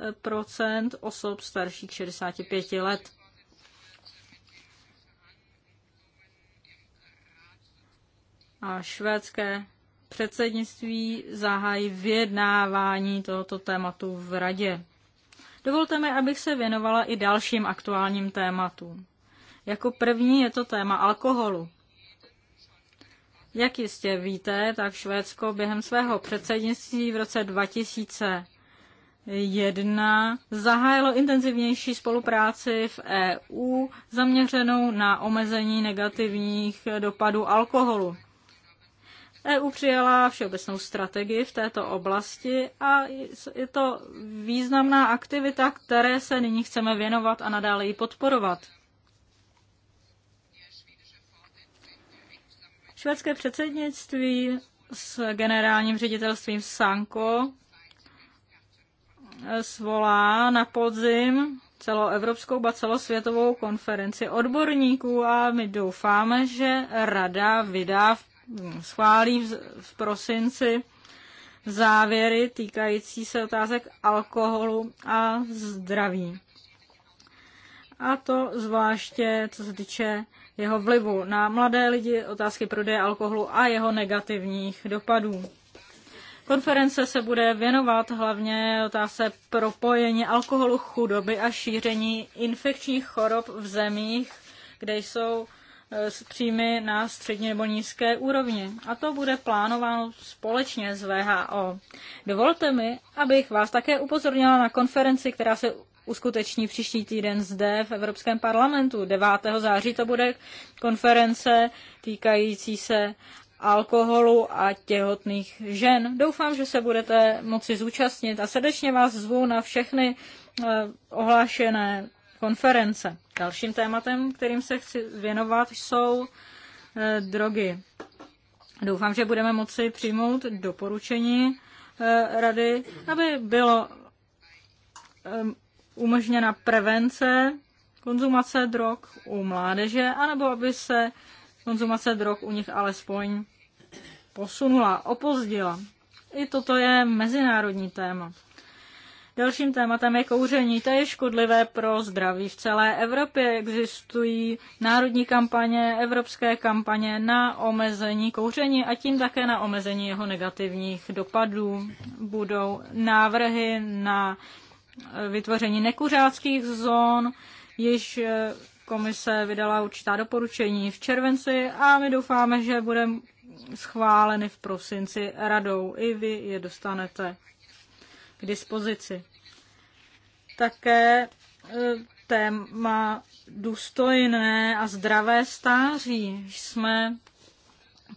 osob starších 65 let. A švédské předsednictví zahájí vyjednávání tohoto tématu v Radě. Dovolte mi, abych se věnovala i dalším aktuálním tématům. Jako první je to téma alkoholu. Jak jistě víte, tak Švédsko během svého předsednictví v roce 2001 zahájilo intenzivnější spolupráci v EU zaměřenou na omezení negativních dopadů alkoholu. EU přijala všeobecnou strategii v této oblasti a je to významná aktivita, které se nyní chceme věnovat a nadále ji podporovat. Švédské předsednictví s generálním ředitelstvím Sanko svolá na podzim celoevropskou, a celosvětovou konferenci odborníků a my doufáme, že rada vydá, schválí v, v prosinci závěry týkající se otázek alkoholu a zdraví. A to zvláště co se týče jeho vlivu na mladé lidi, otázky prodeje alkoholu a jeho negativních dopadů. Konference se bude věnovat hlavně otázce propojení alkoholu, chudoby a šíření infekčních chorob v zemích, kde jsou e, příjmy na středně nebo nízké úrovni. A to bude plánováno společně s VHO. Dovolte mi, abych vás také upozornila na konferenci, která se uskuteční příští týden zde v Evropském parlamentu. 9. září to bude konference týkající se alkoholu a těhotných žen. Doufám, že se budete moci zúčastnit a srdečně vás zvu na všechny eh, ohlášené konference. Dalším tématem, kterým se chci věnovat, jsou eh, drogy. Doufám, že budeme moci přijmout doporučení eh, rady, aby bylo umožněna prevence konzumace drog u mládeže, anebo aby se konzumace drog u nich alespoň posunula, opozdila. I toto je mezinárodní téma. Dalším tématem je kouření. To je škodlivé pro zdraví. V celé Evropě existují národní kampaně, evropské kampaně na omezení kouření a tím také na omezení jeho negativních dopadů. Budou návrhy na vytvoření nekuřáckých zón, již eh, komise vydala určitá doporučení v červenci a my doufáme, že bude schváleny v prosinci radou. I vy je dostanete k dispozici. Také eh, téma důstojné a zdravé stáří jsme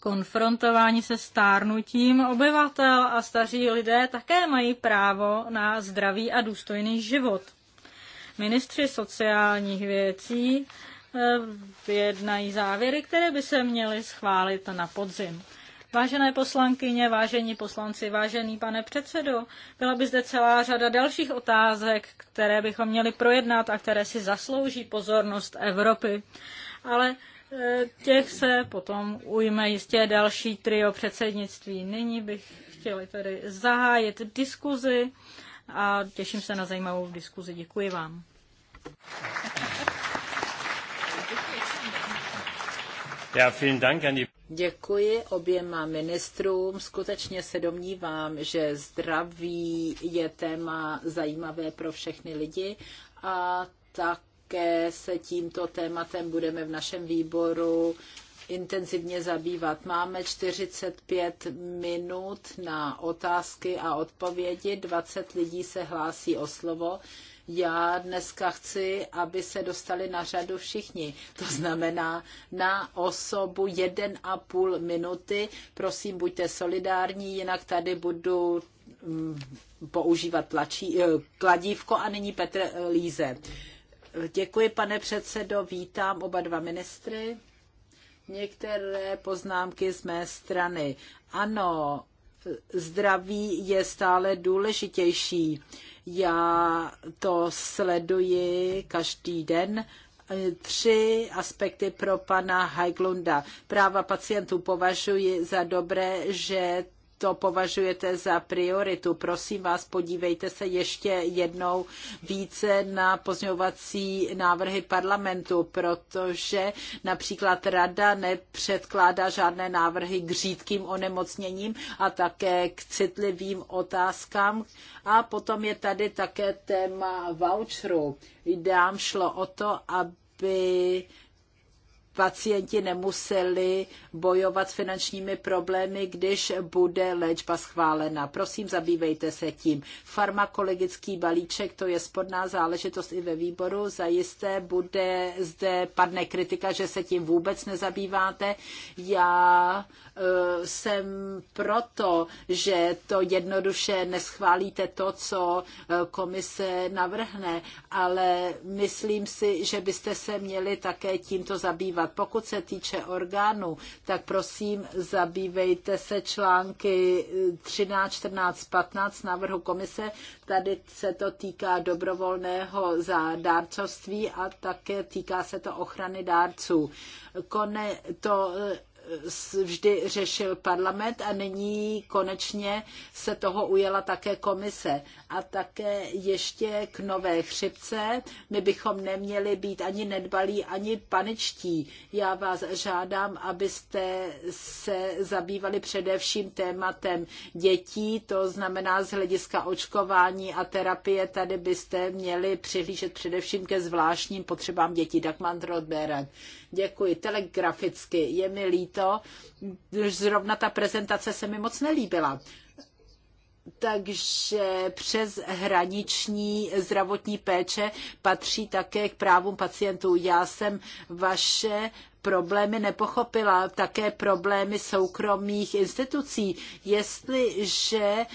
konfrontováni se stárnutím obyvatel a staří lidé také mají právo na zdravý a důstojný život. Ministři sociálních věcí eh, vyjednají závěry, které by se měly schválit na podzim. Vážené poslankyně, vážení poslanci, vážený pane předsedo, byla by zde celá řada dalších otázek, které bychom měli projednat a které si zaslouží pozornost Evropy. Ale těch se potom ujme jistě další trio předsednictví. Nyní bych chtěli tedy zahájit diskuzi a těším se na zajímavou diskuzi. Děkuji vám. Děkuji oběma ministrům. Skutečně se domnívám, že zdraví je téma zajímavé pro všechny lidi a tak také se tímto tématem budeme v našem výboru intenzivně zabývat. Máme 45 minut na otázky a odpovědi, 20 lidí se hlásí o slovo. Já dneska chci, aby se dostali na řadu všichni. To znamená na osobu 1,5 minuty. Prosím, buďte solidární, jinak tady budu mm, používat tlačí, eh, kladívko a nyní Petr Líze. Děkuji, pane předsedo, vítám oba dva ministry. Některé poznámky z mé strany. Ano, zdraví je stále důležitější. Já to sleduji každý den, tři aspekty pro pana Heiglunda. Práva pacientů považuji za dobré, že to považujete za prioritu. Prosím vás, podívejte se ještě jednou více na pozňovací návrhy parlamentu, protože například rada nepředkládá žádné návrhy k řídkým onemocněním a také k citlivým otázkám. A potom je tady také téma voucheru. Dám šlo o to, aby pacienti nemuseli bojovat s finančními problémy, když bude léčba schválena. Prosím, zabývejte se tím. Farmakologický balíček, to je spodná záležitost i ve výboru. Zajisté bude zde padne kritika, že se tím vůbec nezabýváte. Já eh, jsem proto, že to jednoduše neschválíte to, co eh, komise navrhne, ale myslím si, že byste se měli také tímto zabývat například pokud se týče orgánů, tak prosím zabývejte se články 13, 14, 15 návrhu komise. Tady se to týká dobrovolného za dárcovství a také týká se to ochrany dárců. Kone, to vždy řešil parlament a nyní konečně se toho ujela také komise. A také ještě k nové chřipce. My bychom neměli být ani nedbalí, ani paničtí. Já vás žádám, abyste se zabývali především tématem dětí, to znamená z hlediska očkování a terapie. Tady byste měli přihlížet především ke zvláštním potřebám dětí. Dagmar Rodberen. Děkuji. Telegraficky je mi líto, zrovna ta prezentace se mi moc nelíbila takže přes hraniční zdravotní péče patří také k právům pacientů. Já jsem vaše problémy nepochopila, také problémy soukromých institucí. Jestliže e,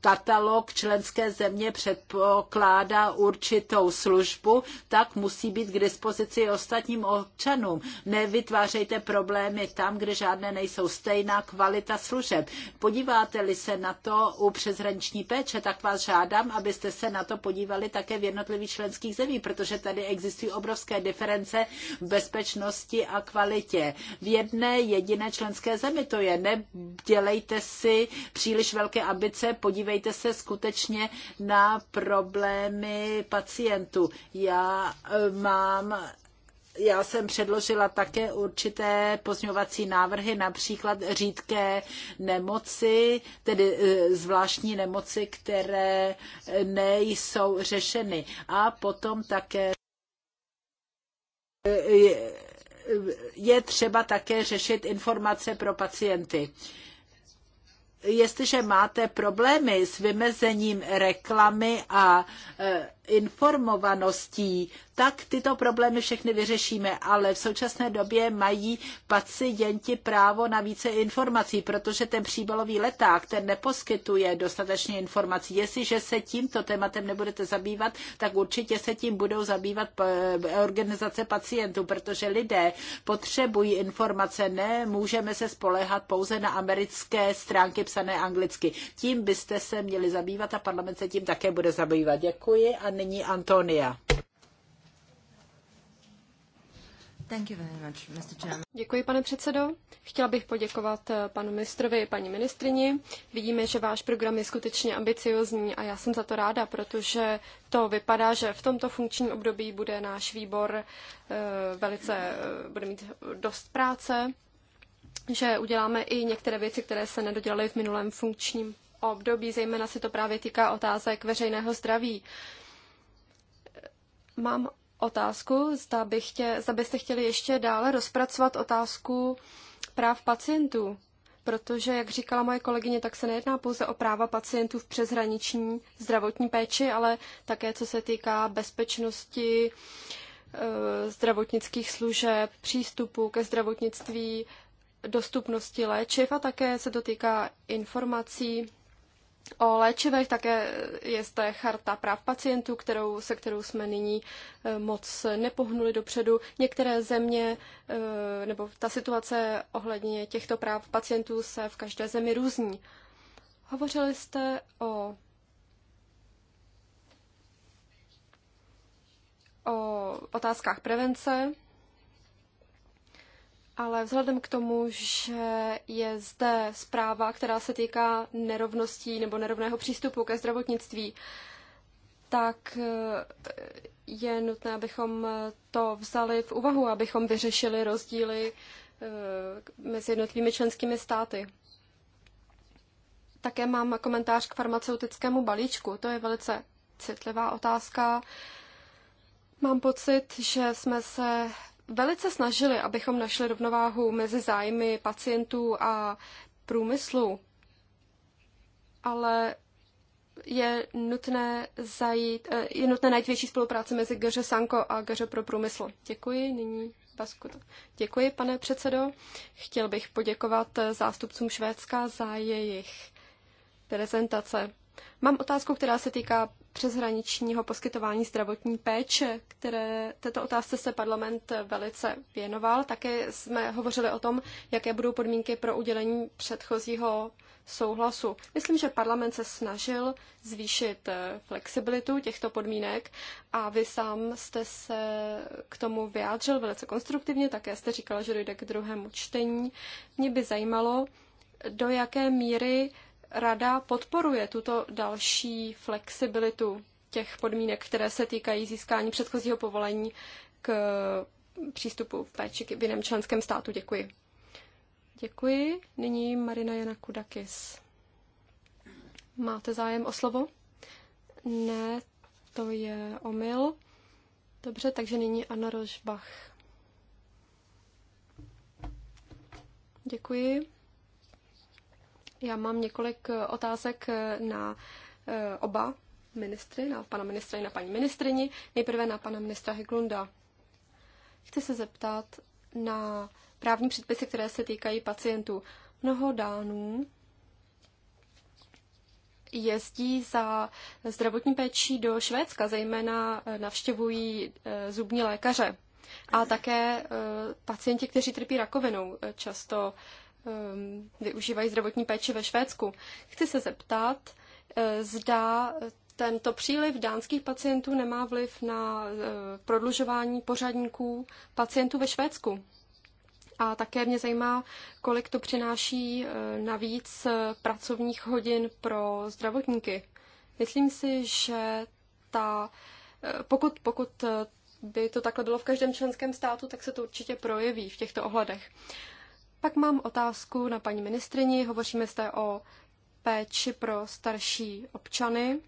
katalog členské země předpokládá určitou službu, tak musí být k dispozici i ostatním občanům. Nevytvářejte problémy tam, kde žádné nejsou. Stejná kvalita služeb. Podíváte-li se na to u přeshraniční péče, tak vás žádám, abyste se na to podívali také v jednotlivých členských zemích, protože tady existují obrovské diference bezpečnosti a kvalitě. V jedné jediné členské zemi to je. Nedělejte si příliš velké ambice, podívejte se skutečně na problémy pacientů. Já e, mám já jsem předložila také určité pozňovací návrhy, například řídké nemoci, tedy e, zvláštní nemoci, které nejsou řešeny. A potom také e, je třeba také řešit informace pro pacienty. Jestliže máte problémy s vymezením reklamy a eh, informovaností, tak tyto problémy všechny vyřešíme, ale v současné době mají pacienti právo na více informací, protože ten příbalový leták, ten neposkytuje dostatečně informací. Jestliže se tímto tématem nebudete zabývat, tak určitě se tím budou zabývat eh, organizace pacientů, protože lidé potřebují informace, ne můžeme se spolehat pouze na americké stránky psané anglicky. Tím byste se měli zabývat a parlament se tím také bude zabývat. Děkuji a nyní Antonia. Děkuji, pane předsedo. Chtěla bych poděkovat eh, panu ministrovi i paní ministrini. Vidíme, že váš program je skutečně ambiciozní a já jsem za to ráda, protože to vypadá, že v tomto funkčním období bude náš výbor eh, velice, eh, bude mít dost práce, že uděláme i některé věci, které se nedodělaly v minulém funkčním období, zejména se to právě týká otázek veřejného zdraví. Mám otázku, zda, bych tě, zda byste chtěli ještě dále rozpracovat otázku práv pacientů, protože, jak říkala moje kolegyně, tak se nejedná pouze o práva pacientů v přeshraniční zdravotní péči, ale také co se týká bezpečnosti eh, zdravotnických služeb, přístupu ke zdravotnictví, dostupnosti léčiv a také se dotýká informací O léčivech také je zde charta práv pacientů, kterou, se kterou jsme nyní eh, moc nepohnuli dopředu. Některé země, eh, nebo ta situace ohledně těchto práv pacientů se v každé zemi různí. Hovořili jste o, o otázkách prevence ale vzhledem k tomu, že je zde zpráva, která se týká nerovností nebo nerovného přístupu ke zdravotnictví, tak eh, je nutné, abychom to vzali v úvahu, abychom vyřešili rozdíly eh, mezi jednotlivými členskými státy. Také mám komentář k farmaceutickému balíčku. To je velice citlivá otázka. Mám pocit, že jsme se velice snažili, abychom našli rovnováhu mezi zájmy pacientů a průmyslu, ale je nutné, zajít, eh, je nutné najít větší spolupráci mezi GŘ Sanko a GŘ pro průmysl. Děkuji, nyní Baskuta. Děkuji, pane předsedo. Chtěl bych poděkovat eh, zástupcům Švédska za jejich prezentace. Mám otázku, která se týká přeshraničního poskytování zdravotní péče, které této otázce se parlament velice věnoval. Také jsme hovořili o tom, jaké budou podmínky pro udělení předchozího souhlasu. Myslím, že parlament se snažil zvýšit eh, flexibilitu těchto podmínek a vy sám jste se k tomu vyjádřil velice konstruktivně, také jste říkala, že dojde k druhému čtení. Mě by zajímalo, do jaké míry rada podporuje tuto další flexibilitu těch podmínek, které se týkají získání předchozího povolení k přístupu v péči v jiném členském státu. Děkuji. Děkuji. Nyní Marina Jana Kudakis. Máte zájem o slovo? Ne, to je omyl. Dobře, takže nyní Anna Rožbach. Děkuji. Já mám několik eh, otázek eh, na eh, oba ministry, na pana ministra i na paní ministrini. Nejprve na pana ministra Heglunda. Chci se zeptat na právní předpisy, které se týkají pacientů. Mnoho dánů jezdí za zdravotní péčí do Švédska, zejména navštěvují zubní lékaře. A také pacienti, kteří trpí rakovinou, často Um, využívají zdravotní péči ve Švédsku. Chci se zeptat, eh, zda tento příliv dánských pacientů nemá vliv na eh, prodlužování pořadníků pacientů ve Švédsku. A také mě zajímá, kolik to přináší eh, navíc pracovních hodin pro zdravotníky. Myslím si, že ta, pokud, pokud by to takhle bylo v každém členském státu, tak se to určitě projeví v těchto ohledech. Pak mám otázku na paní ministrině. Hovoříme zde o péči pro starší občany.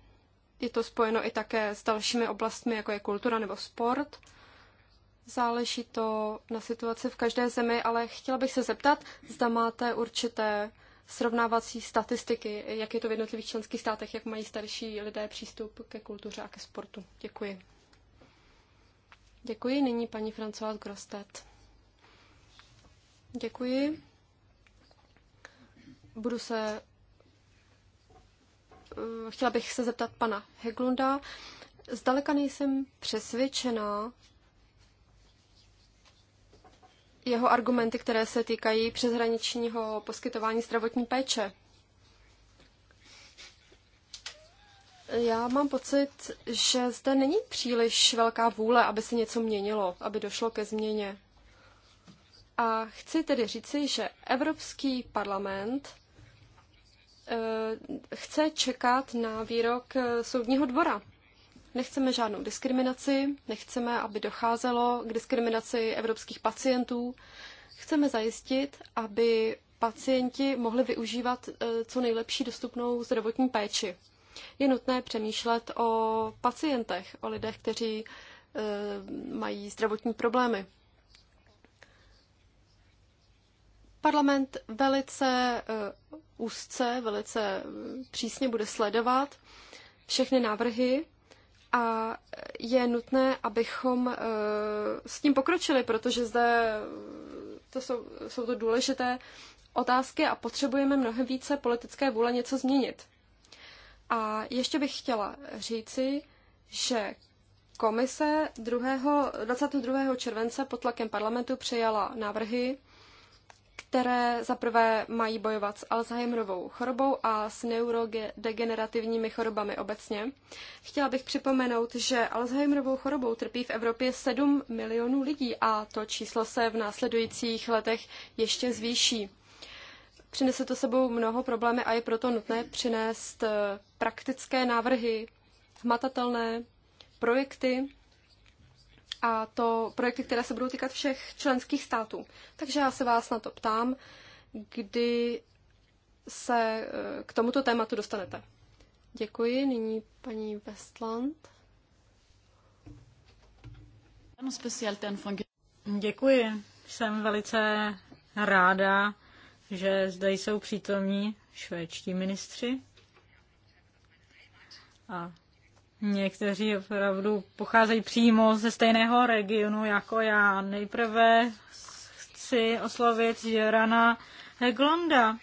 Je to spojeno i také s dalšími oblastmi, jako je kultura nebo sport. Záleží to na situaci v každé zemi, ale chtěla bych se zeptat, zda máte určité srovnávací statistiky, jak je to v jednotlivých členských státech, jak mají starší lidé přístup ke kultuře a ke sportu. Děkuji. Děkuji. Nyní paní Francoise Grostet. Děkuji. Budu se... Eh, chtěla bych se zeptat pana Heglunda. Zdaleka nejsem přesvědčená, jeho argumenty, které se týkají přeshraničního poskytování zdravotní péče. Já mám pocit, že zde není příliš velká vůle, aby se něco měnilo, aby došlo ke změně. A chci tedy říci, že Evropský parlament eh, chce čekat na výrok eh, soudního dvora. Nechceme žádnou diskriminaci, nechceme, aby docházelo k diskriminaci evropských pacientů. Chceme zajistit, aby pacienti mohli využívat eh, co nejlepší dostupnou zdravotní péči. Je nutné přemýšlet o pacientech, o lidech, kteří mají zdravotní problémy. Parlament velice eh, úzce, velice eh, přísně bude sledovat všechny návrhy a je nutné, abychom eh, s tím pokročili, protože zde to jsou, jsou to důležité otázky a potřebujeme mnohem více politické vůle něco změnit. A ještě bych chtěla říci, že komise 2. 22. července pod tlakem parlamentu přijala návrhy, které zaprvé mají bojovat s Alzheimerovou chorobou a s neurodegenerativními chorobami obecně. Chtěla bych připomenout, že Alzheimerovou chorobou trpí v Evropě 7 milionů lidí a to číslo se v následujících letech ještě zvýší. Přinese to sebou mnoho problémů a je proto nutné přinést eh, praktické návrhy, hmatatelné projekty, a to projekty, které se budou týkat všech členských států. Takže já se vás na to ptám, kdy se eh, k tomuto tématu dostanete. Děkuji. Nyní paní Westland. Děkuji. Jsem velice ráda, že zde jsou přítomní švédští ministři. A Někteří opravdu pocházejí přímo ze stejného regionu jako já. Nejprve chci oslovit Jorana Heglonda.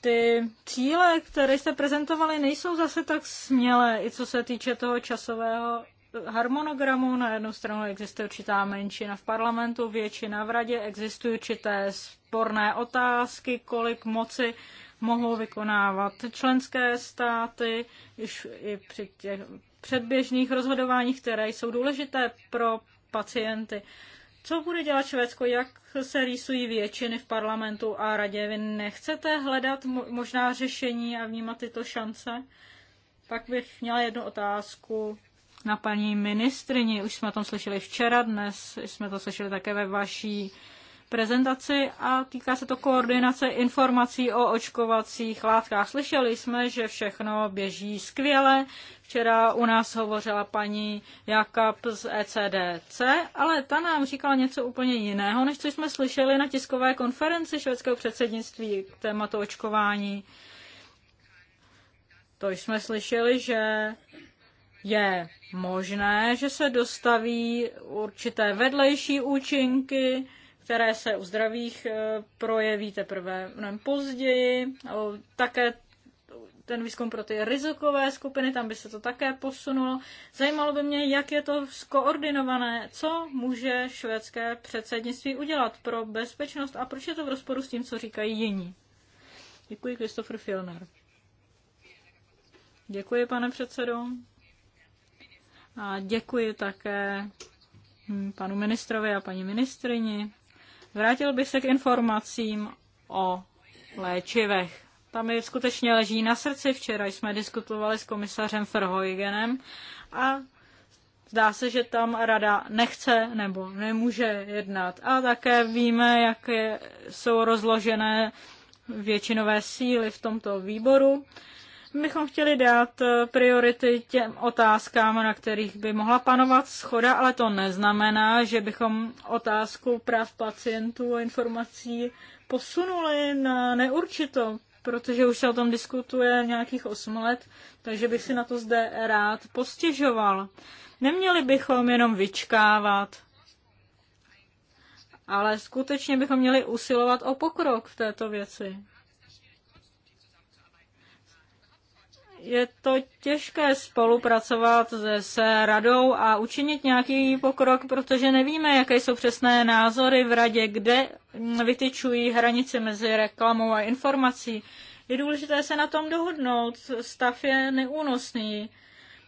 Ty cíle, které jste prezentovali, nejsou zase tak smělé, i co se týče toho časového harmonogramu. Na jednu stranu existuje určitá menšina v parlamentu, většina v radě, existují určité sporné otázky, kolik moci mohou vykonávat členské státy již i při těch předběžných rozhodováních, které jsou důležité pro pacienty. Co bude dělat Švédsko, jak se rýsují většiny v parlamentu a radě? Vy nechcete hledat možná řešení a vnímat tyto šance? Pak bych měla jednu otázku na paní ministrině. Už jsme o tom slyšeli včera, dnes jsme to slyšeli také ve vaší prezentaci a týká se to koordinace informací o očkovacích látkách. Slyšeli jsme, že všechno běží skvěle. Včera u nás hovořila paní Jakab z ECDC, ale ta nám říkala něco úplně jiného, než co jsme slyšeli na tiskové konferenci švédského předsednictví k tématu očkování. To jsme slyšeli, že je možné, že se dostaví určité vedlejší účinky, které se u zdravých eh, projeví teprve mnohem později. Také ten výzkum pro ty rizikové skupiny, tam by se to také posunulo. Zajímalo by mě, jak je to skoordinované, co může švédské předsednictví udělat pro bezpečnost a proč je to v rozporu s tím, co říkají jiní. Děkuji, Christopher Filner. Děkuji, pane předsedo. A děkuji také hm, panu ministrovi a paní ministrini Vrátil bych se k informacím o léčivech. Tam mi skutečně leží na srdci. Včera jsme diskutovali s komisařem Verhoegenem a zdá se, že tam rada nechce nebo nemůže jednat. A také víme, jak je, jsou rozložené většinové síly v tomto výboru. My bychom chtěli dát eh, priority těm otázkám, na kterých by mohla panovat schoda, ale to neznamená, že bychom otázku práv pacientů a informací posunuli na neurčito, protože už se o tom diskutuje nějakých 8 let, takže bych si na to zde rád postěžoval. Neměli bychom jenom vyčkávat, ale skutečně bychom měli usilovat o pokrok v této věci. je to těžké spolupracovat se, se radou a učinit nějaký pokrok, protože nevíme, jaké jsou přesné názory v radě, kde vytyčují hranice mezi reklamou a informací. Je důležité se na tom dohodnout. Stav je neúnosný.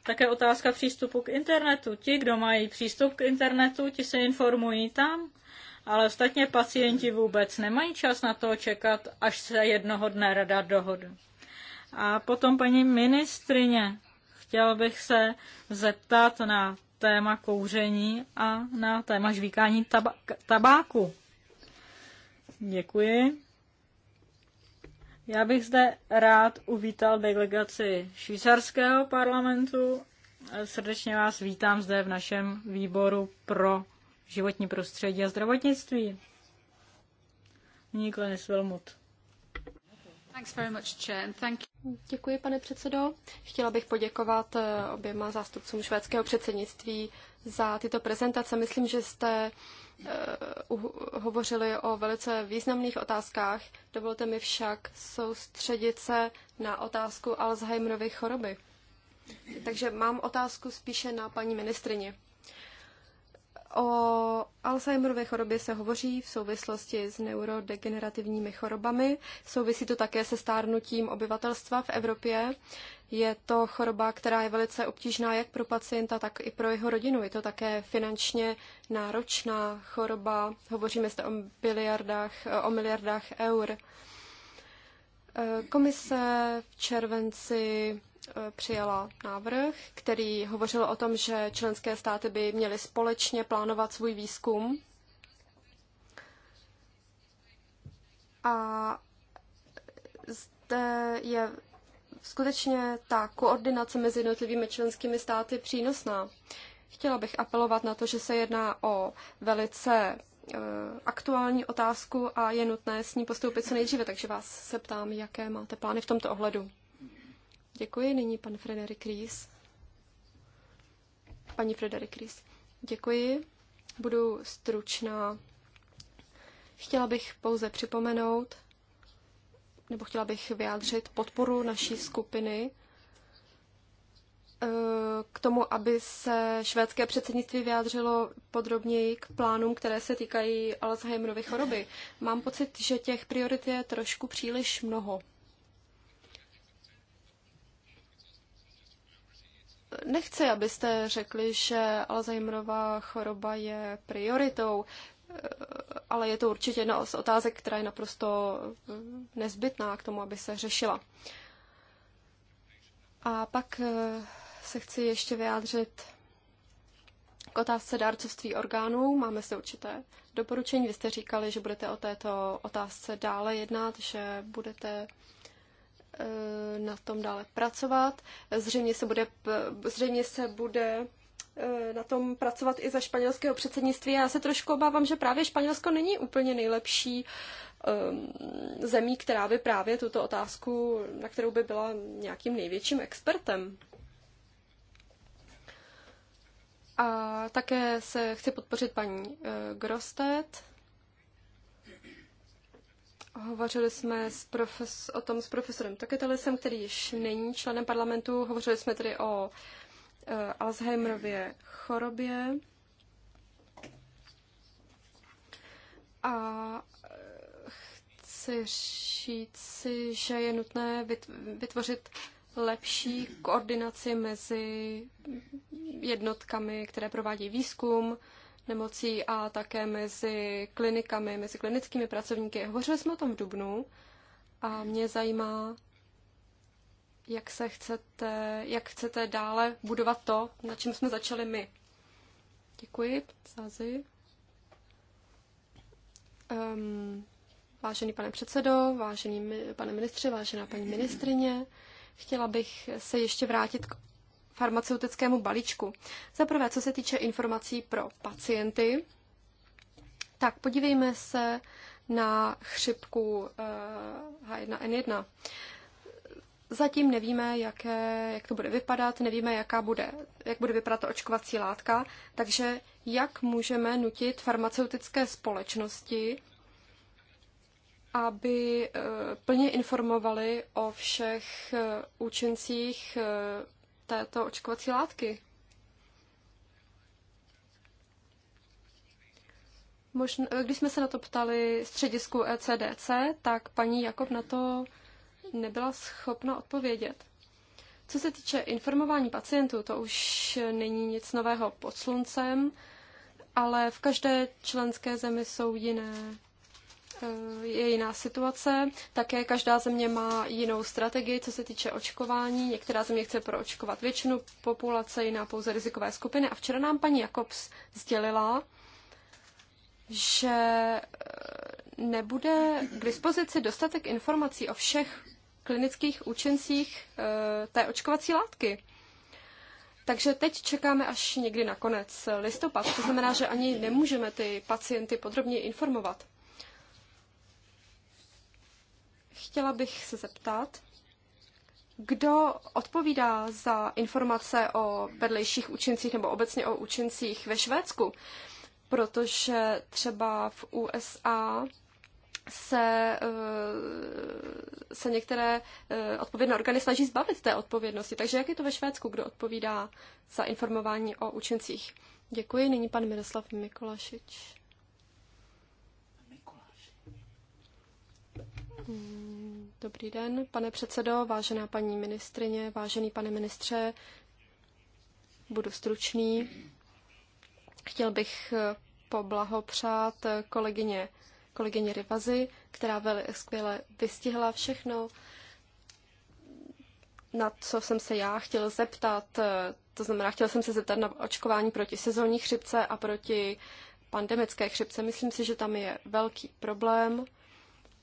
Také otázka přístupu k internetu. Ti, kdo mají přístup k internetu, ti se informují tam, ale ostatně pacienti vůbec nemají čas na to čekat, až se jednoho dne rada dohodne. A potom paní ministrině, chtěl bych se zeptat na téma kouření a na téma žvíkání taba- tabáku. Děkuji. Já bych zde rád uvítal delegaci švýcarského parlamentu. Srdečně vás vítám zde v našem výboru pro životní prostředí a zdravotnictví. Niklas Wilmut. Děkuji, pane předsedo. Chtěla bych poděkovat eh, oběma zástupcům švédského předsednictví za tyto prezentace. Myslím, že jste eh, hovořili o velice významných otázkách. Dovolte mi však soustředit se na otázku Alzheimerovy choroby. Takže mám otázku spíše na paní ministrině. O Alzheimerově chorobě se hovoří v souvislosti s neurodegenerativními chorobami. Souvisí to také se stárnutím obyvatelstva v Evropě. Je to choroba, která je velice obtížná jak pro pacienta, tak i pro jeho rodinu. Je to také finančně náročná choroba. Hovoříme zde o o miliardách eur. E, komise v červenci Eh, přijala návrh, který hovořil o tom, že členské státy by měly společně plánovat svůj výzkum. A zde je skutečně ta koordinace mezi jednotlivými členskými státy přínosná. Chtěla bych apelovat na to, že se jedná o velice eh, aktuální otázku a je nutné s ní postoupit co nejdříve, takže vás se ptám, jaké máte plány v tomto ohledu. Děkuji. Nyní pan Frederik Ries. Paní Frederik Ries. Děkuji. Budu stručná. Chtěla bych pouze připomenout, nebo chtěla bych vyjádřit podporu naší skupiny eh, k tomu, aby se švédské předsednictví vyjádřilo podrobněji k plánům, které se týkají Alzheimerovy choroby. Mám pocit, že těch priorit je trošku příliš mnoho. nechci, abyste řekli, že Alzheimerová choroba je prioritou, ale je to určitě jedna z otázek, která je naprosto nezbytná k tomu, aby se řešila. A pak eh, se chci ještě vyjádřit k otázce dárcovství orgánů. Máme se určité doporučení. Vy jste říkali, že budete o této otázce dále jednat, že budete Eh, na tom dále pracovat. Zřejmě se bude, zřejmě se bude eh, na tom pracovat i za španělského předsednictví. Já se trošku obávám, že právě Španělsko není úplně nejlepší ehm, zemí, která by právě tuto otázku, na kterou by byla nějakým největším expertem. A také se chci podpořit paní eh, Grostet. Hovořili jsme s profes, o tom s profesorem Toketelisem, který již není členem parlamentu. Hovořili jsme tedy o e, Alzheimerově chorobě. A e, chci říct si, že je nutné vytvořit lepší koordinaci mezi jednotkami, které provádějí výzkum, nemocí a také mezi klinikami, mezi klinickými pracovníky. Hovořili jsme o tom v Dubnu a mě zajímá, jak, se chcete, jak chcete dále budovat to, na čem jsme začali my. Děkuji, Zazi. Um, ehm, vážený pane předsedo, vážený pane ministře, vážená paní ministrině, chtěla bych se ještě vrátit k farmaceutickému balíčku. Za prvé, co se týče informací pro pacienty, tak podívejme se na chřipku H1N1. Eh, Zatím nevíme, jaké, jak to bude vypadat, nevíme, jaká bude, jak bude vypadat to očkovací látka, takže jak můžeme nutit farmaceutické společnosti, aby eh, plně informovali o všech eh, účincích této očkovací látky. Možná, když jsme se na to ptali středisku ECDC, tak paní Jakob na to nebyla schopna odpovědět. Co se týče informování pacientů, to už není nic nového pod sluncem, ale v každé členské zemi jsou jiné Eh, je jiná situace. Také každá země má jinou strategii, co se týče očkování. Některá země chce proočkovat většinu populace, jiná pouze rizikové skupiny. A včera nám paní Jakobs sdělila, že eh, nebude k dispozici dostatek informací o všech klinických účincích eh, té očkovací látky. Takže teď čekáme až někdy na konec listopad. To znamená, že ani nemůžeme ty pacienty podrobně informovat. Chtěla bych se zeptat, kdo odpovídá za informace o vedlejších účincích nebo obecně o účincích ve Švédsku? Protože třeba v USA se, eh, se některé eh, odpovědné orgány snaží zbavit té odpovědnosti. Takže jak je to ve Švédsku, kdo odpovídá za informování o účincích? Děkuji. Nyní pan Miroslav Mikolašič. Dobrý den, pane předsedo, vážená paní ministrině, vážený pane ministře, budu stručný. Chtěl bych poblahopřát kolegyně, kolegyně Rivazy, která velmi skvěle vystihla všechno, na co jsem se já chtěl zeptat. To znamená, chtěl jsem se zeptat na očkování proti sezónní chřipce a proti pandemické chřipce. Myslím si, že tam je velký problém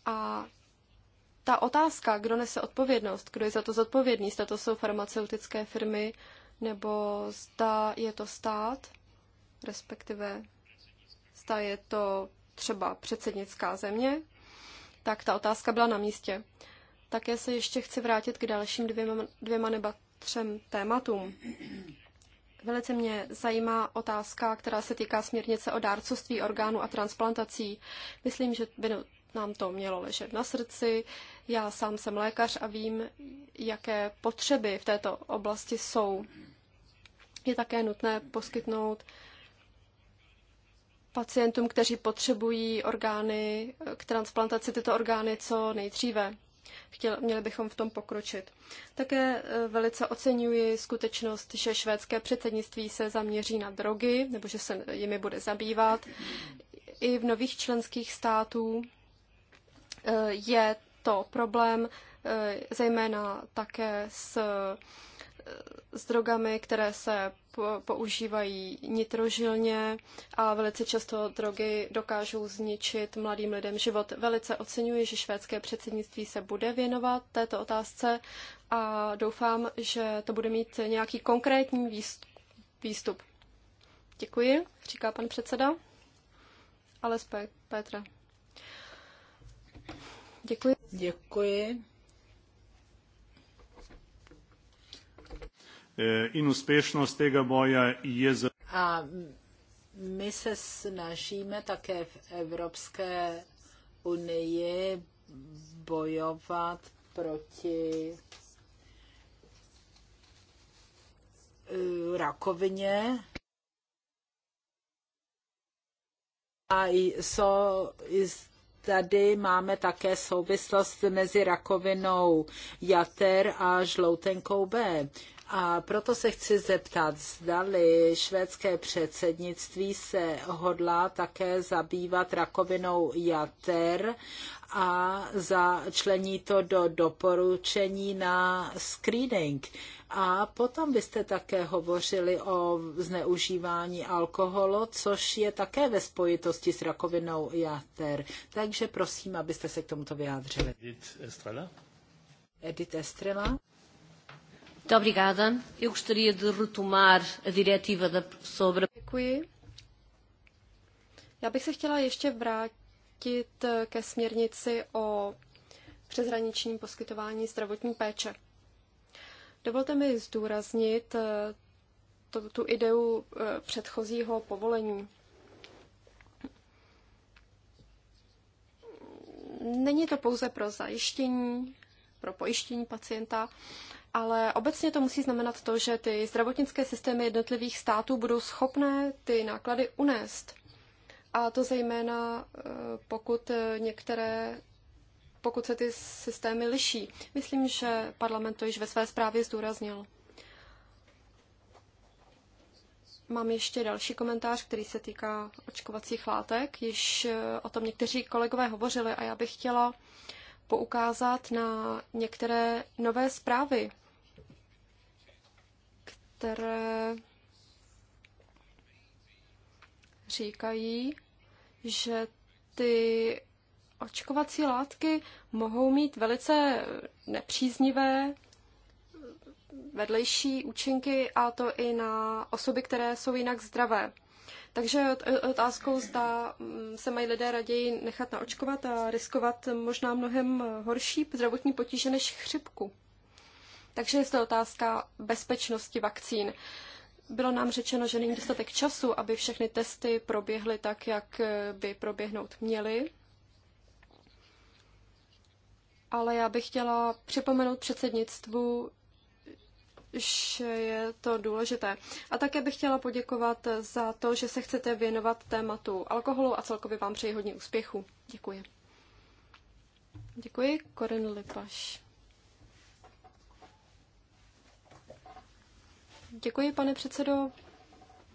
a ta otázka, kdo nese odpovědnost, kdo je za to zodpovědný, zda to jsou farmaceutické firmy, nebo zda je to stát, respektive zda je to třeba předsednická země, tak ta otázka byla na místě. Také se ještě chci vrátit k dalším dvěma, dvěma nebo třem tématům. Velice mě zajímá otázka, která se týká směrnice o dárcovství orgánů a transplantací. Myslím, že by nám to mělo ležet na srdci. Já sám jsem lékař a vím, jaké potřeby v této oblasti jsou. Je také nutné poskytnout pacientům, kteří potřebují orgány k transplantaci tyto orgány co nejdříve. Chtěl, měli bychom v tom pokročit. Také eh, velice oceňuji skutečnost, že švédské předsednictví se zaměří na drogy, nebo že se jimi bude zabývat. I v nových členských států Eh, je to problém eh, zejména také s, eh, s drogami, které se používají nitrožilně a velice často drogy dokážou zničit mladým lidem život. Velice oceňuji, že švédské předsednictví se bude věnovat této otázce a doufám, že to bude mít nějaký konkrétní výstup. Děkuji, říká pan předseda. zpět, Petra. Děkuji. Děkuji. E, in úspěšnost tega boja je... A my se snažíme také v Evropské unii bojovat proti e, rakovině. A jsou tady máme také souvislost mezi rakovinou jater a žloutenkou B. A proto se chci zeptat, zdali švédské předsednictví se hodlá také zabývat rakovinou jater a začlení to do doporučení na screening. A potom byste také hovořili o zneužívání alkoholu, což je také ve spojitosti s rakovinou jater. Takže prosím, abyste se k tomuto vyjádřili. Edith Estrela. Edith Estrela. Muito obrigada. Eu gostaria de retomar a diretiva da, sobre... Děkuji. Já bych se chtěla ještě vrátit eh, ke směrnici o přeshraničním poskytování zdravotní péče. Dovolte mi zdůraznit eh, to, tu ideu eh, předchozího povolení. Není to pouze pro zajištění, pro pojištění pacienta, ale obecně to musí znamenat to, že ty zdravotnické systémy jednotlivých států budou schopné ty náklady unést. A to zejména e, pokud e, některé pokud se ty systémy liší. Myslím, že parlament to již ve své zprávě zdůraznil. Mám ještě další komentář, který se týká očkovacích látek. Již e, o tom někteří kolegové hovořili a já bych chtěla poukázat na některé nové zprávy, které eh, říkají, že ty očkovací látky mohou mít velice nepříznivé vedlejší účinky a to i na osoby, které jsou jinak zdravé. Takže otázkou zda mm, se mají lidé raději nechat naočkovat a riskovat možná mnohem horší zdravotní potíže než chřipku. Takže je zde otázka bezpečnosti vakcín. Bylo nám řečeno, že není dostatek času, aby všechny testy proběhly tak, jak by proběhnout měly. Ale já bych chtěla připomenout předsednictvu, že je to důležité. A také bych chtěla poděkovat za to, že se chcete věnovat tématu alkoholu a celkově vám přeji hodně úspěchu. Děkuji. Děkuji, Korin Lipaš. Děkuji, pane předsedo.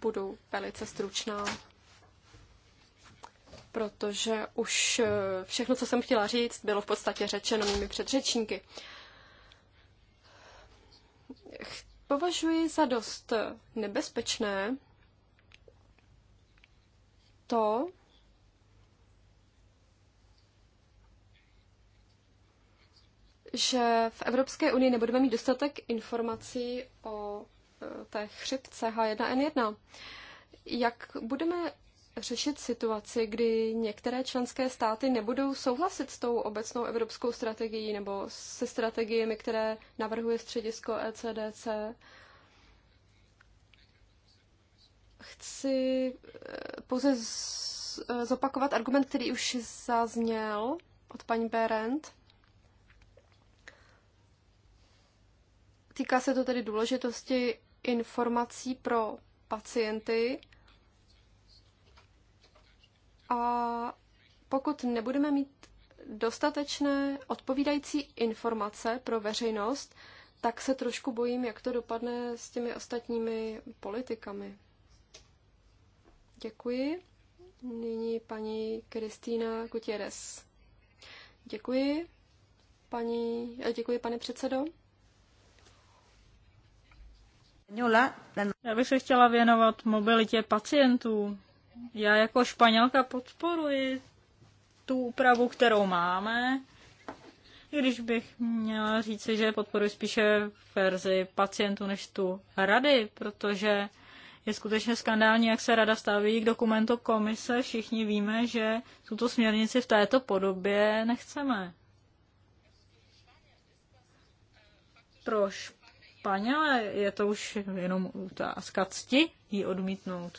Budu velice stručná, protože už eh, všechno, co jsem chtěla říct, bylo v podstatě řečeno mými předřečníky. Považuji za dost nebezpečné to, že v Evropské unii nebudeme mít dostatek informací o té chřipce H1N1. Jak budeme řešit situaci, kdy některé členské státy nebudou souhlasit s tou obecnou evropskou strategií nebo se strategiemi, které navrhuje středisko ECDC? Chci eh, pouze eh, zopakovat argument, který už zazněl od paní Berendt. Týká se to tedy důležitosti informací pro pacienty a pokud nebudeme mít dostatečné odpovídající informace pro veřejnost, tak se trošku bojím, jak to dopadne s těmi ostatními politikami. Děkuji. Nyní paní Kristýna Gutierrez. Děkuji, paní, děkuji pane předsedo. Já bych se chtěla věnovat mobilitě pacientů. Já jako Španělka podporuji tu úpravu, kterou máme, i když bych měla říci, že podporuji spíše verzi pacientů než tu rady, protože je skutečně skandální, jak se rada staví k dokumentu komise. Všichni víme, že tuto směrnici v této podobě nechceme. Pro ale je to už jenom otázka cti ji odmítnout.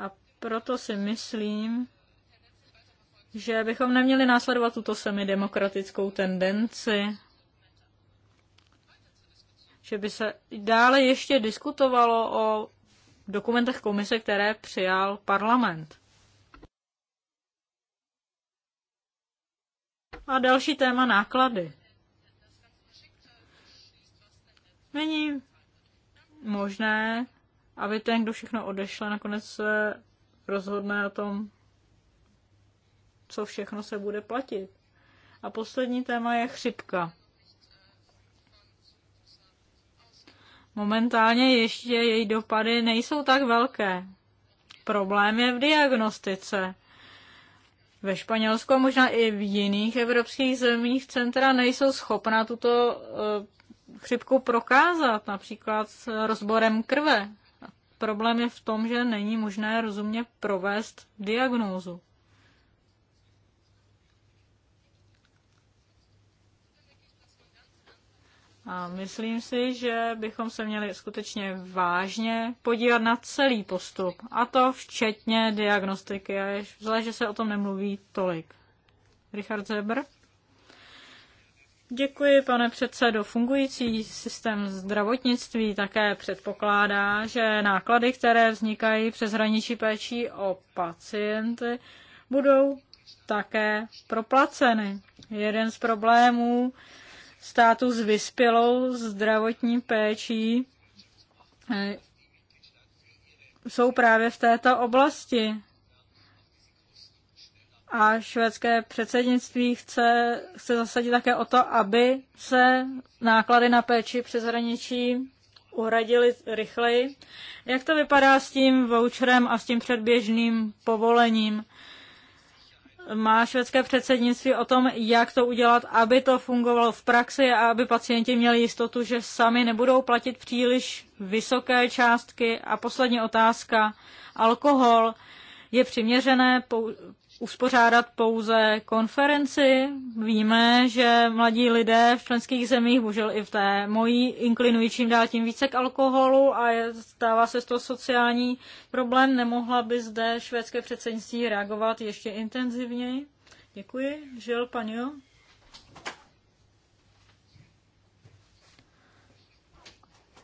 A proto si myslím, že bychom neměli následovat tuto semidemokratickou tendenci, že by se dále ještě diskutovalo o dokumentech komise, které přijal parlament. A další téma náklady. Není možné, aby ten, kdo všechno odešle, nakonec se rozhodne o tom, co všechno se bude platit. A poslední téma je chřipka. Momentálně ještě její dopady nejsou tak velké. Problém je v diagnostice ve Španělsku a možná i v jiných evropských zemích centra nejsou schopna tuto eh, chřipku prokázat, například s rozborem krve. Problém je v tom, že není možné rozumně provést diagnózu. A myslím si, že bychom se měli skutečně vážně podívat na celý postup, a to včetně diagnostiky, a je že se o tom nemluví tolik. Richard Zeber? Děkuji, pane předsedo. Fungující systém zdravotnictví také předpokládá, že náklady, které vznikají přes hraniční péči o pacienty, budou také proplaceny. Jeden z problémů státu s vyspělou zdravotní péčí eh, jsou právě v této oblasti. A švédské předsednictví chce, chce zasadit také o to, aby se náklady na péči přes hraničí uhradili rychleji. Jak to vypadá s tím voucherem a s tím předběžným povolením? má švédské předsednictví o tom, jak to udělat, aby to fungovalo v praxi a aby pacienti měli jistotu, že sami nebudou platit příliš vysoké částky. A poslední otázka. Alkohol je přiměřené uspořádat pouze konferenci. Víme, že mladí lidé v členských zemích, bohužel i v té mojí, inklinují čím dál tím více k alkoholu a je, stává se z toho sociální problém. Nemohla by zde švédské předsednictví reagovat ještě intenzivněji? Děkuji. Žil, paní.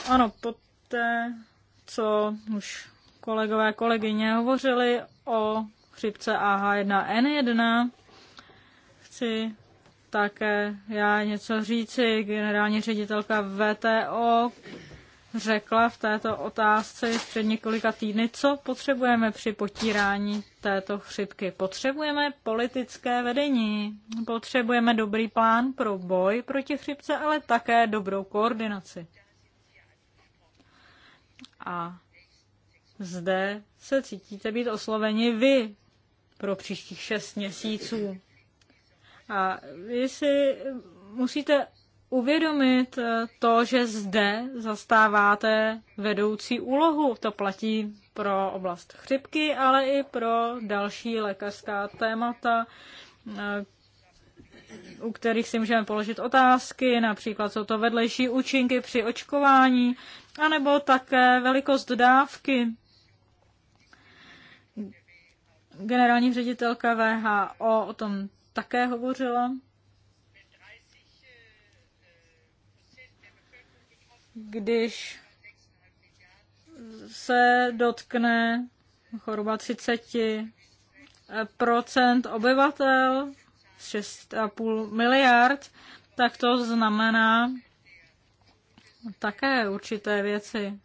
Ano, poté, co už kolegové kolegyně hovořili o chřipce AH1N1. Chci také já něco říci. Generální ředitelka VTO řekla v této otázce před několika týdny, co potřebujeme při potírání této chřipky. Potřebujeme politické vedení, potřebujeme dobrý plán pro boj proti chřipce, ale také dobrou koordinaci. A zde se cítíte být osloveni vy, pro příštích šest měsíců. A vy si musíte uvědomit eh, to, že zde zastáváte vedoucí úlohu. To platí pro oblast chřipky, ale i pro další lékařská témata, eh, u kterých si můžeme položit otázky, například jsou to vedlejší účinky při očkování, anebo také velikost dávky. Generální ředitelka VHO o tom také hovořila. Když se dotkne choroba 30 obyvatel obyvatel, 6,5 miliard, tak to znamená také určité věci.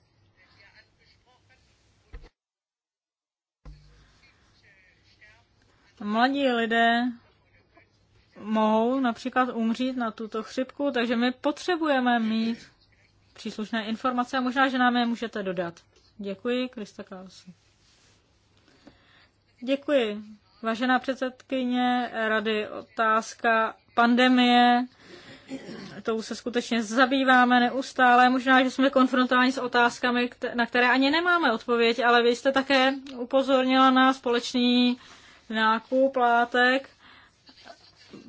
Mladí lidé mohou například umřít na tuto chřipku, takže my potřebujeme mít příslušné informace a možná, že nám je můžete dodat. Děkuji, Krista Klausi. Děkuji. Vážená předsedkyně rady, otázka pandemie, tou se skutečně zabýváme neustále. Možná, že jsme konfrontováni s otázkami, na které ani nemáme odpověď, ale vy jste také upozornila na společný nákup látek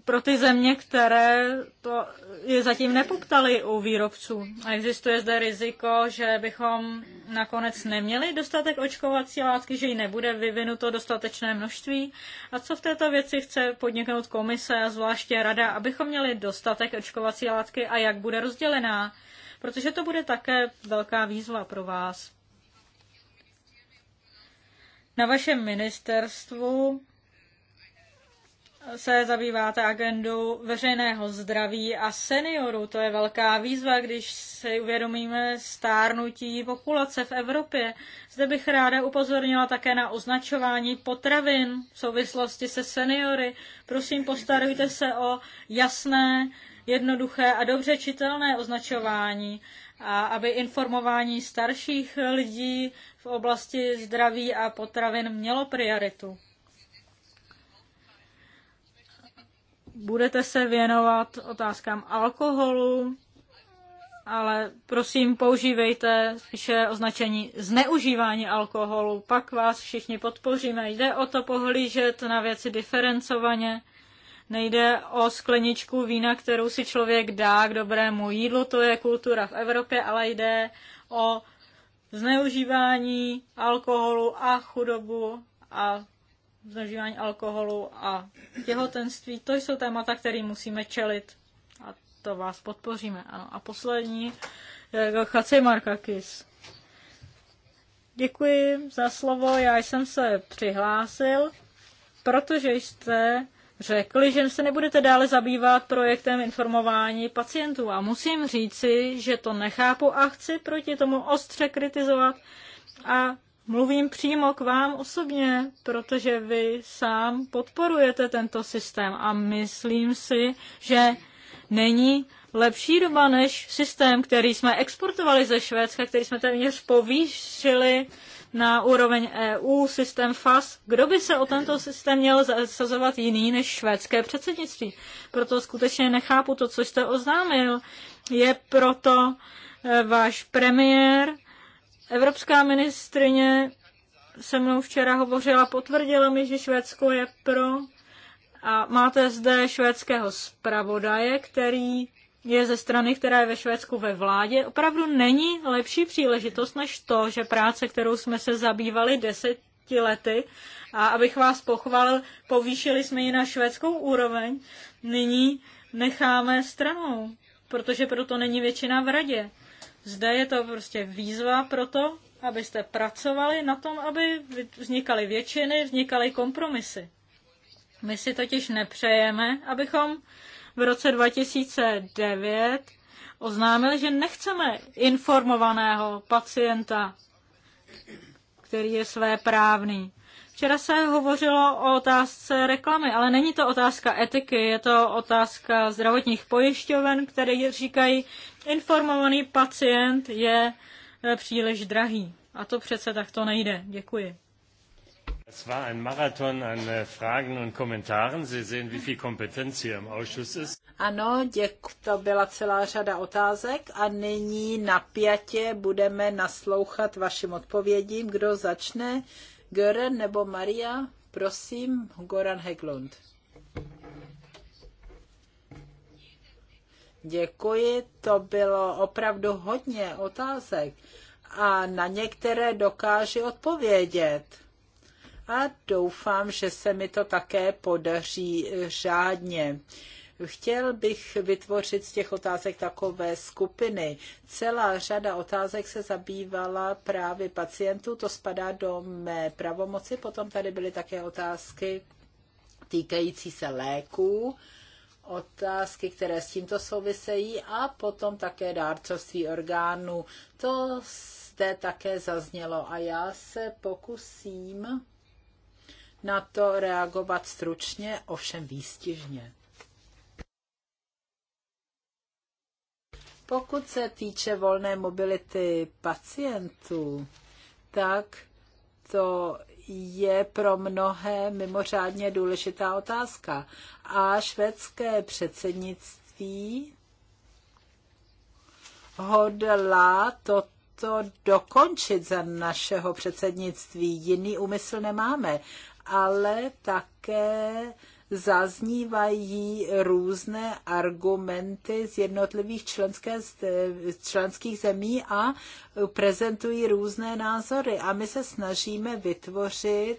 pro ty země, které to je zatím nepoptali u výrobců. A existuje zde riziko, že bychom nakonec neměli dostatek očkovací látky, že ji nebude vyvinuto dostatečné množství. A co v této věci chce podniknout komise a zvláště rada, abychom měli dostatek očkovací látky a jak bude rozdělená? Protože to bude také velká výzva pro vás. Na vašem ministerstvu se zabýváte agendou veřejného zdraví a seniorů. To je velká výzva, když si uvědomíme stárnutí populace v Evropě. Zde bych ráda upozornila také na označování potravin v souvislosti se seniory. Prosím, postarujte se o jasné, jednoduché a dobře čitelné označování a aby informování starších lidí v oblasti zdraví a potravin mělo prioritu. Budete se věnovat otázkám alkoholu, ale prosím používejte spíše označení zneužívání alkoholu, pak vás všichni podpoříme. Jde o to pohlížet na věci diferencovaně Nejde o skleničku vína, kterou si člověk dá k dobrému jídlu, to je kultura v Evropě, ale jde o zneužívání alkoholu a chudobu a zneužívání alkoholu a těhotenství. To jsou témata, které musíme čelit a to vás podpoříme. Ano. A poslední, eh, Chacej Markakis. Děkuji za slovo, já jsem se přihlásil, protože jste řekli, že se nebudete dále zabývat projektem informování pacientů. A musím říci, že to nechápu a chci proti tomu ostře kritizovat a mluvím přímo k vám osobně, protože vy sám podporujete tento systém a myslím si, že není lepší doba než systém, který jsme exportovali ze Švédska, který jsme téměř povýšili na úroveň EU, systém FAS. Kdo by se o tento systém měl zasazovat jiný než švédské předsednictví? Proto skutečně nechápu to, co jste oznámil. Je proto e, váš premiér, evropská ministrině se mnou včera hovořila, potvrdila mi, že Švédsko je pro. A máte zde švédského zpravodaje, který je ze strany, která je ve Švédsku ve vládě, opravdu není lepší příležitost než to, že práce, kterou jsme se zabývali deseti lety, a abych vás pochválil, povýšili jsme ji na švédskou úroveň, nyní necháme stranou, protože proto není většina v radě. Zde je to prostě výzva pro to, abyste pracovali na tom, aby vznikaly většiny, vznikaly kompromisy. My si totiž nepřejeme, abychom v roce 2009 oznámil, že nechceme informovaného pacienta, který je své právný. Včera se hovořilo o otázce reklamy, ale není to otázka etiky, je to otázka zdravotních pojišťoven, které říkají, informovaný pacient je eh, příliš drahý. A to přece takto nejde. Děkuji. Es war ein Marathon an äh, Fragen und Kommentaren. Sie sehen, wie viel Kompetenz hier im Ausschuss ist. Ano, děk, to byla celá řada otázek a nyní na pětě budeme naslouchat vašim odpovědím. Kdo začne? Gören nebo Maria? Prosím, Goran Heglund. Děkuji, to bylo opravdu hodně otázek a na některé dokáži odpovědět a doufám, že se mi to také podaří řádně. Chtěl bych vytvořit z těch otázek takové skupiny. Celá řada otázek se zabývala právě pacientů, to spadá do mé pravomoci. Potom tady byly také otázky týkající se léků, otázky, které s tímto souvisejí a potom také dárcovství orgánů. To zde také zaznělo a já se pokusím na to reagovat stručně, ovšem výstižně. Pokud se týče volné mobility pacientů, tak to je pro mnohé mimořádně důležitá otázka. A švédské předsednictví hodlá toto dokončit za našeho předsednictví. Jiný úmysl nemáme ale také zaznívají různé argumenty z jednotlivých členské, členských zemí a prezentují různé názory. A my se snažíme vytvořit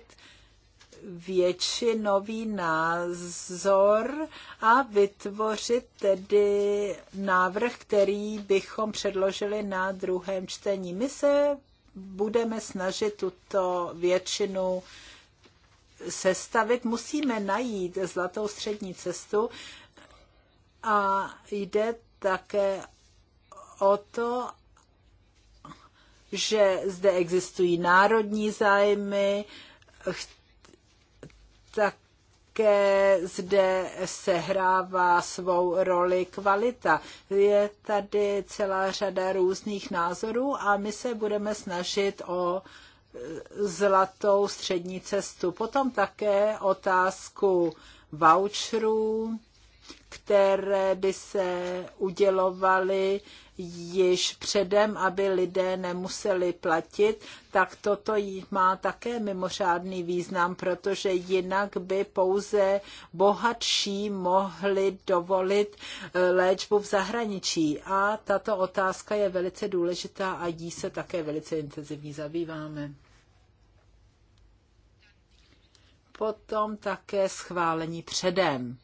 většinový názor a vytvořit tedy návrh, který bychom předložili na druhém čtení. My se budeme snažit tuto většinu sestavit, musíme najít zlatou střední cestu a jde také o to, že zde existují národní zájmy, také zde sehrává svou roli kvalita. Je tady celá řada různých názorů a my se budeme snažit o uh, zlatou střední cestu. Potom také otázku voucherů které by se udělovaly již předem, aby lidé nemuseli platit, tak toto má také mimořádný význam, protože jinak by pouze bohatší mohli dovolit eh, léčbu v zahraničí. A tato otázka je velice důležitá a jí se také velice intenzivně zabýváme. Potom také schválení předem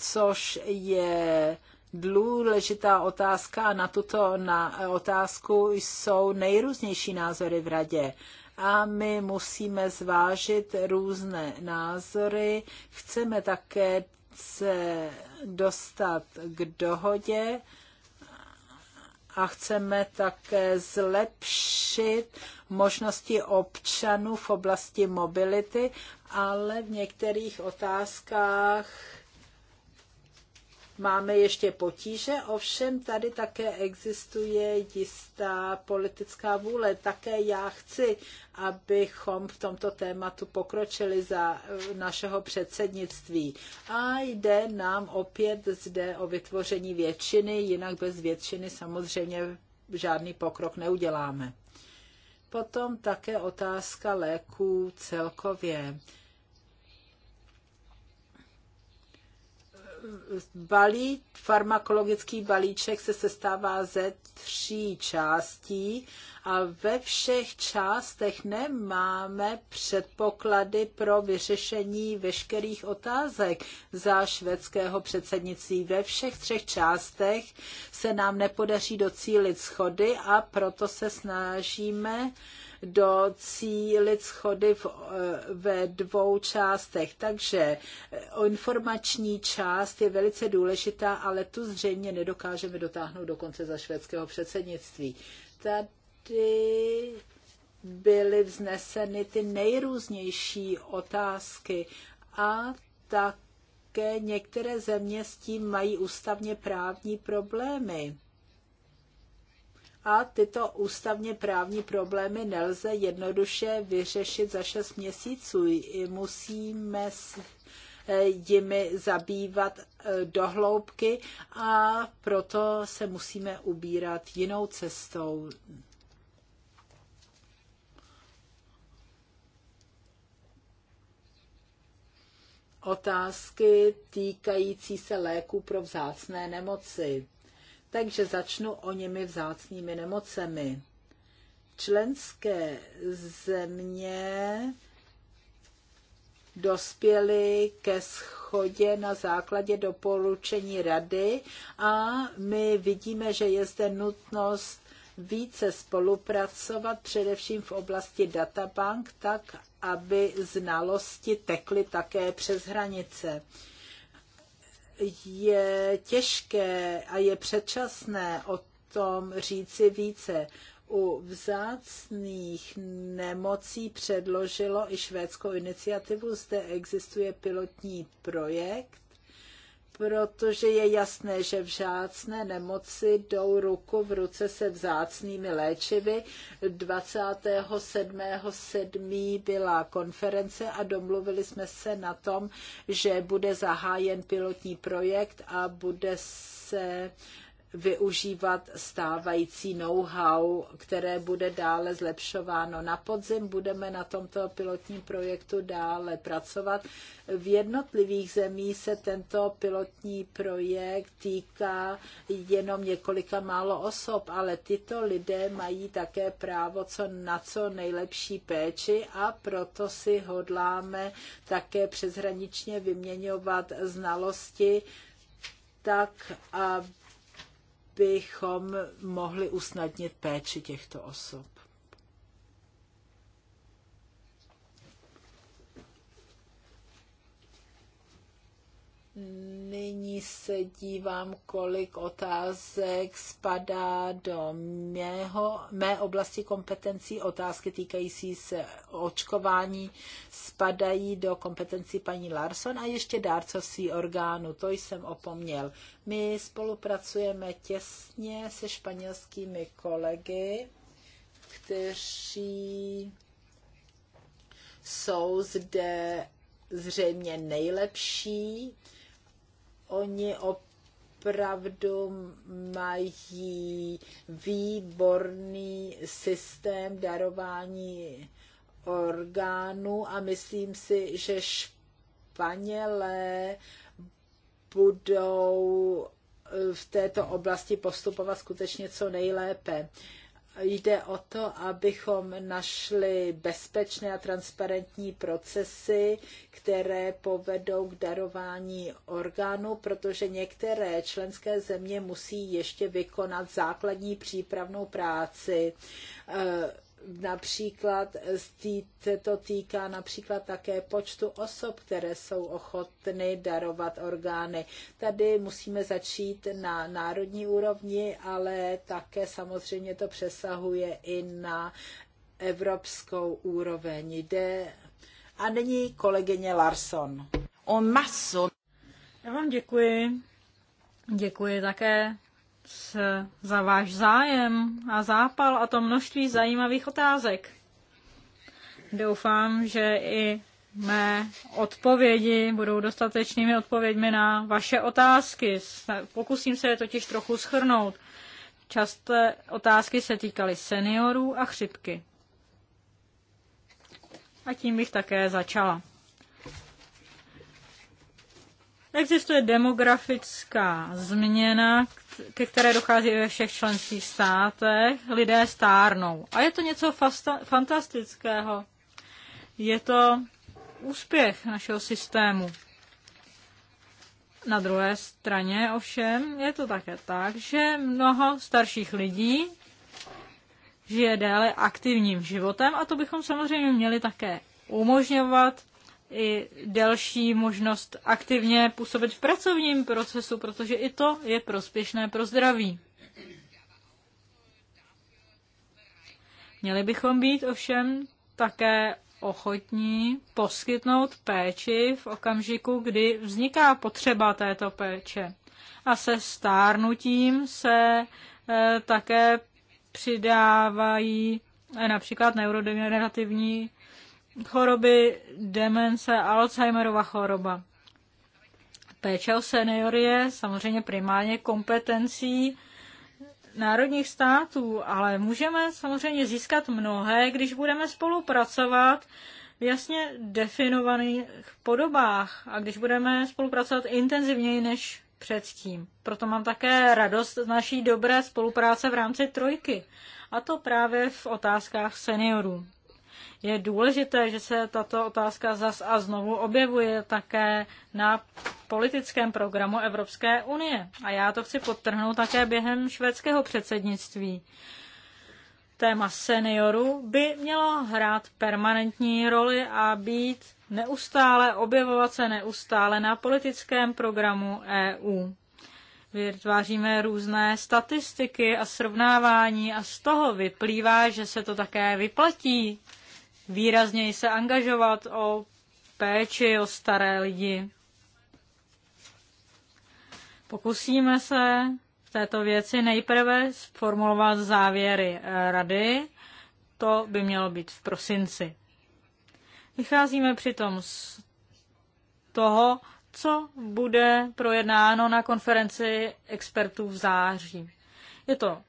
což je důležitá otázka a na tuto na otázku jsou nejrůznější názory v radě. A my musíme zvážit různé názory. Chceme také se dostat k dohodě a chceme také zlepšit možnosti občanů v oblasti mobility, ale v některých otázkách máme ještě potíže, ovšem tady také existuje jistá politická vůle. Také já chci, abychom v tomto tématu pokročili za eh, našeho předsednictví. A jde nám opět zde o vytvoření většiny, jinak bez většiny samozřejmě žádný pokrok neuděláme. Potom také otázka léků celkově. balí, farmakologický balíček se sestává ze tří částí a ve všech částech nemáme předpoklady pro vyřešení veškerých otázek za švédského předsednictví. Ve všech třech částech se nám nepodaří docílit schody a proto se snažíme uh, docílit schody v, eh, ve dvou částech. Takže eh, informační část je velice důležitá, ale tu zřejmě nedokážeme dotáhnout do konce za švédského předsednictví. Tady byly vzneseny ty nejrůznější otázky a také některé země s tím mají ústavně právní problémy a tyto ústavně právní problémy nelze jednoduše vyřešit za šest měsíců. Musíme eh, jimi zabývat eh, dohloubky a proto se musíme ubírat jinou cestou. Otázky týkající se léků pro vzácné nemoci takže začnu o němi vzácnými nemocemi. Členské země dospěli ke schodě na základě doporučení rady a my vidíme, že je zde nutnost více spolupracovat, především v oblasti databank, tak, aby znalosti tekly také přes hranice je těžké a je předčasné o tom říci více. U vzácných nemocí předložilo i švédskou iniciativu. Zde existuje pilotní projekt protože je jasné, že vzácné nemoci jdou ruku v ruce se vzácnými léčivy. 27.7. byla konference a domluvili jsme se na tom, že bude zahájen pilotní projekt a bude se využívat stávající know-how, které bude dále zlepšováno. Na podzim budeme na tomto pilotním projektu dále pracovat. V jednotlivých zemích se tento pilotní projekt týká jenom několika málo osob, ale tyto lidé mají také právo co na co nejlepší péči a proto si hodláme také přeshraničně vyměňovat znalosti tak, aby bychom mohli usnadnit péči těchto osob. Nyní se dívám, kolik otázek spadá do mého, mé oblasti kompetencí. Otázky týkající se očkování spadají do kompetencí paní Larson a ještě dárcovství orgánu. To jsem opomněl. My spolupracujeme těsně se španělskými kolegy, kteří jsou zde zřejmě nejlepší oni opravdu mají výborný systém darování orgánů a myslím si, že Španělé budou v této oblasti postupovat skutečně co nejlépe jde o to, abychom našli bezpečné a transparentní procesy, které povedou k darování orgánů, protože některé členské země musí ještě vykonat základní přípravnou práci eh, například eh, se to týká například také počtu osob, které jsou ochotny darovat orgány. Tady musíme začít na národní úrovni, ale také samozřejmě to přesahuje i na evropskou úroveň. Jde a nyní kolegyně Larson. On maso. Já vám děkuji. Děkuji také za váš zájem a zápal a to množství zajímavých otázek. Doufám, že i mé odpovědi budou dostatečnými odpověďmi na vaše otázky. Pokusím se je totiž trochu schrnout. Časté otázky se týkaly seniorů a chřipky. A tím bych také začala. Existuje demografická změna, ke které dochází ve všech členských státech. Lidé stárnou. A je to něco fantastického. Je to úspěch našeho systému. Na druhé straně ovšem je to také tak, že mnoho starších lidí žije déle aktivním životem a to bychom samozřejmě měli také umožňovat i delší možnost aktivně působit v pracovním procesu, protože i to je prospěšné pro zdraví. Měli bychom být ovšem také ochotní poskytnout péči v okamžiku, kdy vzniká potřeba této péče. A se stárnutím se e, také přidávají například neurodegenerativní choroby demence, Alzheimerova choroba. Péče o seniory je samozřejmě primárně kompetencí národních států, ale můžeme samozřejmě získat mnohé, když budeme spolupracovat v jasně definovaných podobách a když budeme spolupracovat intenzivněji než předtím. Proto mám také radost z naší dobré spolupráce v rámci trojky, a to právě v otázkách seniorů. Je důležité, že se tato otázka zas a znovu objevuje také na politickém programu Evropské unie. A já to chci podtrhnout také během švédského předsednictví. Téma seniorů by mělo hrát permanentní roli a být neustále, objevovat se neustále na politickém programu EU. Vytváříme různé statistiky a srovnávání a z toho vyplývá, že se to také vyplatí výrazněji se angažovat o péči o staré lidi. Pokusíme se v této věci nejprve sformulovat závěry rady. To by mělo být v prosinci. Vycházíme přitom z toho, co bude projednáno na konferenci expertů v září. Je to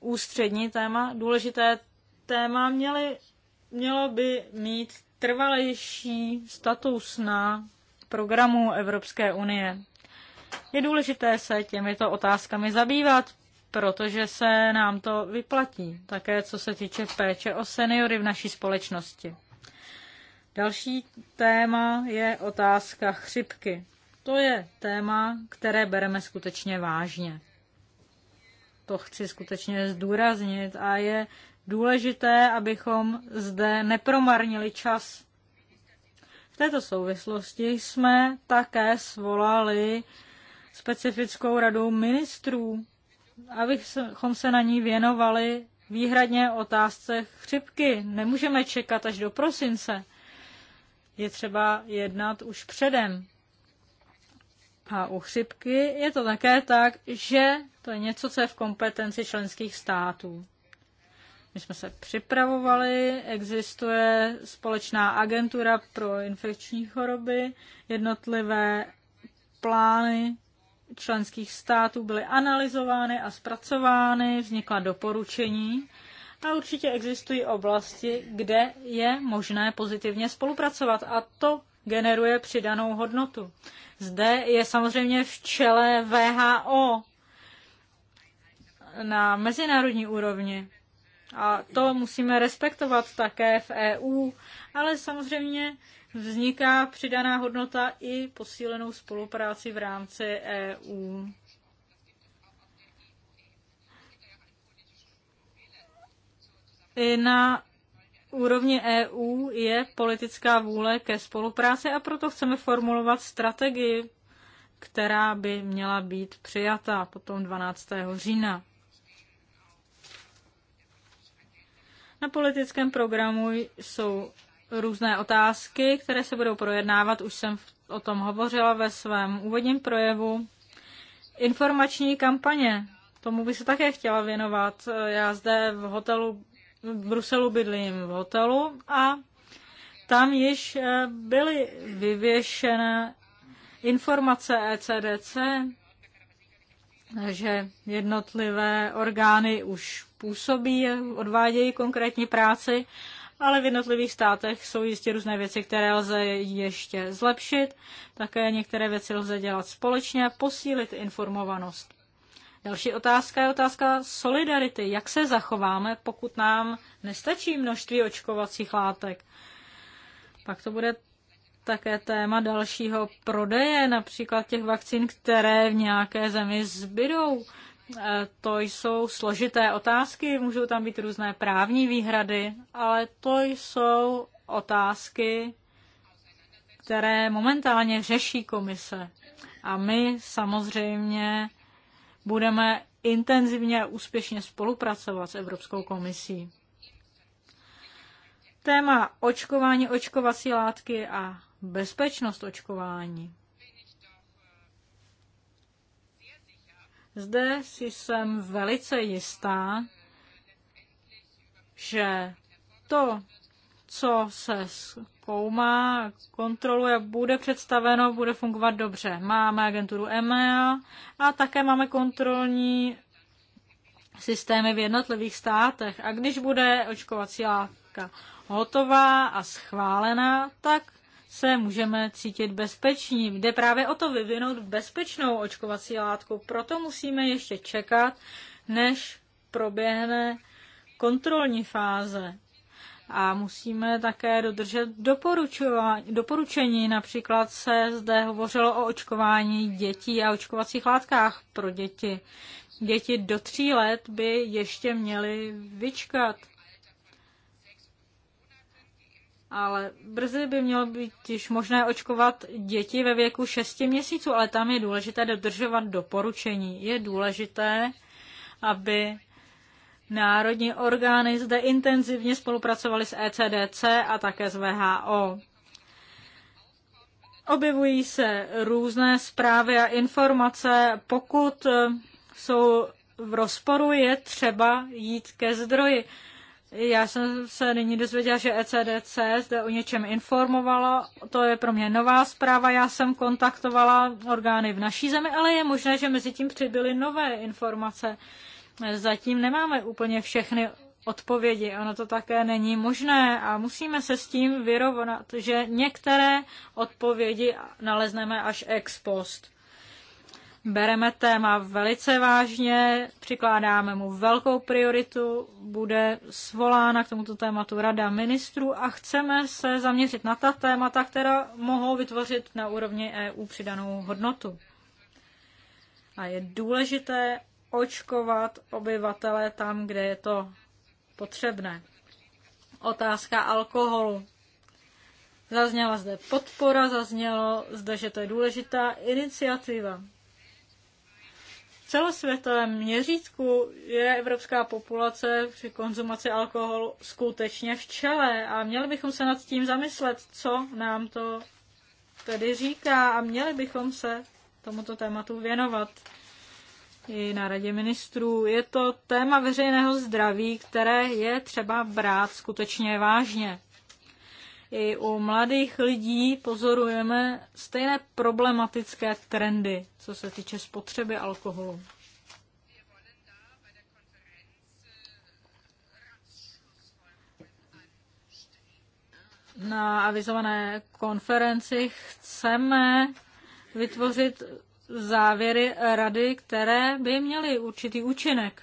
ústřední téma, důležité téma. Měli mělo by mít trvalejší status na programu Evropské unie. Je důležité se těmito otázkami zabývat, protože se nám to vyplatí, také co se týče péče o seniory v naší společnosti. Další téma je otázka chřipky. To je téma, které bereme skutečně vážně. To chci skutečně zdůraznit a je důležité, abychom zde nepromarnili čas. V této souvislosti jsme také svolali specifickou radu ministrů, abychom se na ní věnovali výhradně otázce chřipky. Nemůžeme čekat až do prosince. Je třeba jednat už předem. A u chřipky je to také tak, že to je něco, co je v kompetenci členských států. My jsme se připravovali, existuje společná agentura pro infekční choroby, jednotlivé plány členských států byly analyzovány a zpracovány, vznikla doporučení a určitě existují oblasti, kde je možné pozitivně spolupracovat a to generuje přidanou hodnotu. Zde je samozřejmě v čele VHO na mezinárodní úrovni. A to musíme respektovat také v EU, ale samozřejmě vzniká přidaná hodnota i posílenou spolupráci v rámci EU. I na úrovni EU je politická vůle ke spolupráci a proto chceme formulovat strategii, která by měla být přijata potom 12. října. Na politickém programu jsou různé otázky, které se budou projednávat. Už jsem o tom hovořila ve svém úvodním projevu. Informační kampaně, tomu by se také chtěla věnovat. Já zde v hotelu v Bruselu bydlím v hotelu a tam již eh, byly vyvěšené informace ECDC, že jednotlivé orgány už působí, odvádějí konkrétní práci, ale v jednotlivých státech jsou jistě různé věci, které lze ještě zlepšit. Také některé věci lze dělat společně, posílit informovanost. Další otázka je otázka solidarity. Jak se zachováme, pokud nám nestačí množství očkovacích látek? Pak to bude také téma dalšího prodeje, například těch vakcín, které v nějaké zemi zbydou. Eh, to jsou složité otázky, můžou tam být různé právní výhrady, ale to jsou otázky, které momentálně řeší komise. A my samozřejmě budeme intenzivně a úspěšně spolupracovat s Evropskou komisí. Téma očkování, očkovací látky a bezpečnost očkování. Zde si jsem velice jistá, že to, co se zkoumá, kontroluje, bude představeno, bude fungovat dobře. Máme agenturu EMEA a také máme kontrolní systémy v jednotlivých státech. A když bude očkovací látka hotová a schválená, tak se můžeme cítit bezpeční. Jde právě o to vyvinout bezpečnou očkovací látku. Proto musíme ještě čekat, než proběhne kontrolní fáze. A musíme také dodržet doporučení. Například se zde hovořilo o očkování dětí a očkovacích látkách pro děti. Děti do tří let by ještě měly vyčkat ale brzy by mělo být již možné očkovat děti ve věku 6 měsíců, ale tam je důležité dodržovat doporučení. Je důležité, aby národní orgány zde intenzivně spolupracovaly s ECDC a také s VHO. Objevují se různé zprávy a informace. Pokud jsou v rozporu, je třeba jít ke zdroji. Já jsem se nyní dozvěděla, že ECDC zde o něčem informovala. To je pro mě nová zpráva. Já jsem kontaktovala orgány v naší zemi, ale je možné, že mezi tím přibyly nové informace. Zatím nemáme úplně všechny odpovědi. Ono to také není možné a musíme se s tím vyrovnat, že některé odpovědi nalezneme až ex post. Bereme téma velice vážně, přikládáme mu velkou prioritu, bude svolána k tomuto tématu rada ministrů a chceme se zaměřit na ta témata, která mohou vytvořit na úrovni EU přidanou hodnotu. A je důležité očkovat obyvatele tam, kde je to potřebné. Otázka alkoholu. Zazněla zde podpora, zaznělo zde, že to je důležitá iniciativa celosvětovém měřítku je evropská populace při konzumaci alkoholu skutečně v čele a měli bychom se nad tím zamyslet, co nám to tedy říká a měli bychom se tomuto tématu věnovat i na radě ministrů. Je to téma veřejného zdraví, které je třeba brát skutečně vážně i u mladých lidí pozorujeme stejné problematické trendy, co se týče spotřeby alkoholu. Na avizované konferenci chceme vytvořit závěry rady, které by měly určitý účinek.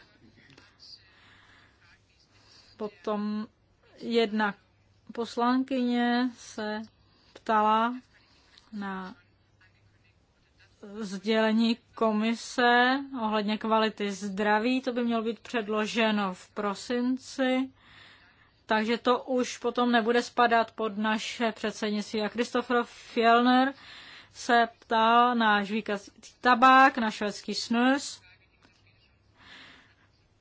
Potom jednak Poslankyně se ptala na sdělení komise ohledně kvality zdraví. To by mělo být předloženo v prosinci, takže to už potom nebude spadat pod naše předsednictví. A Christopher Fjellner se ptal na žvíkací tabák, na švédský snus.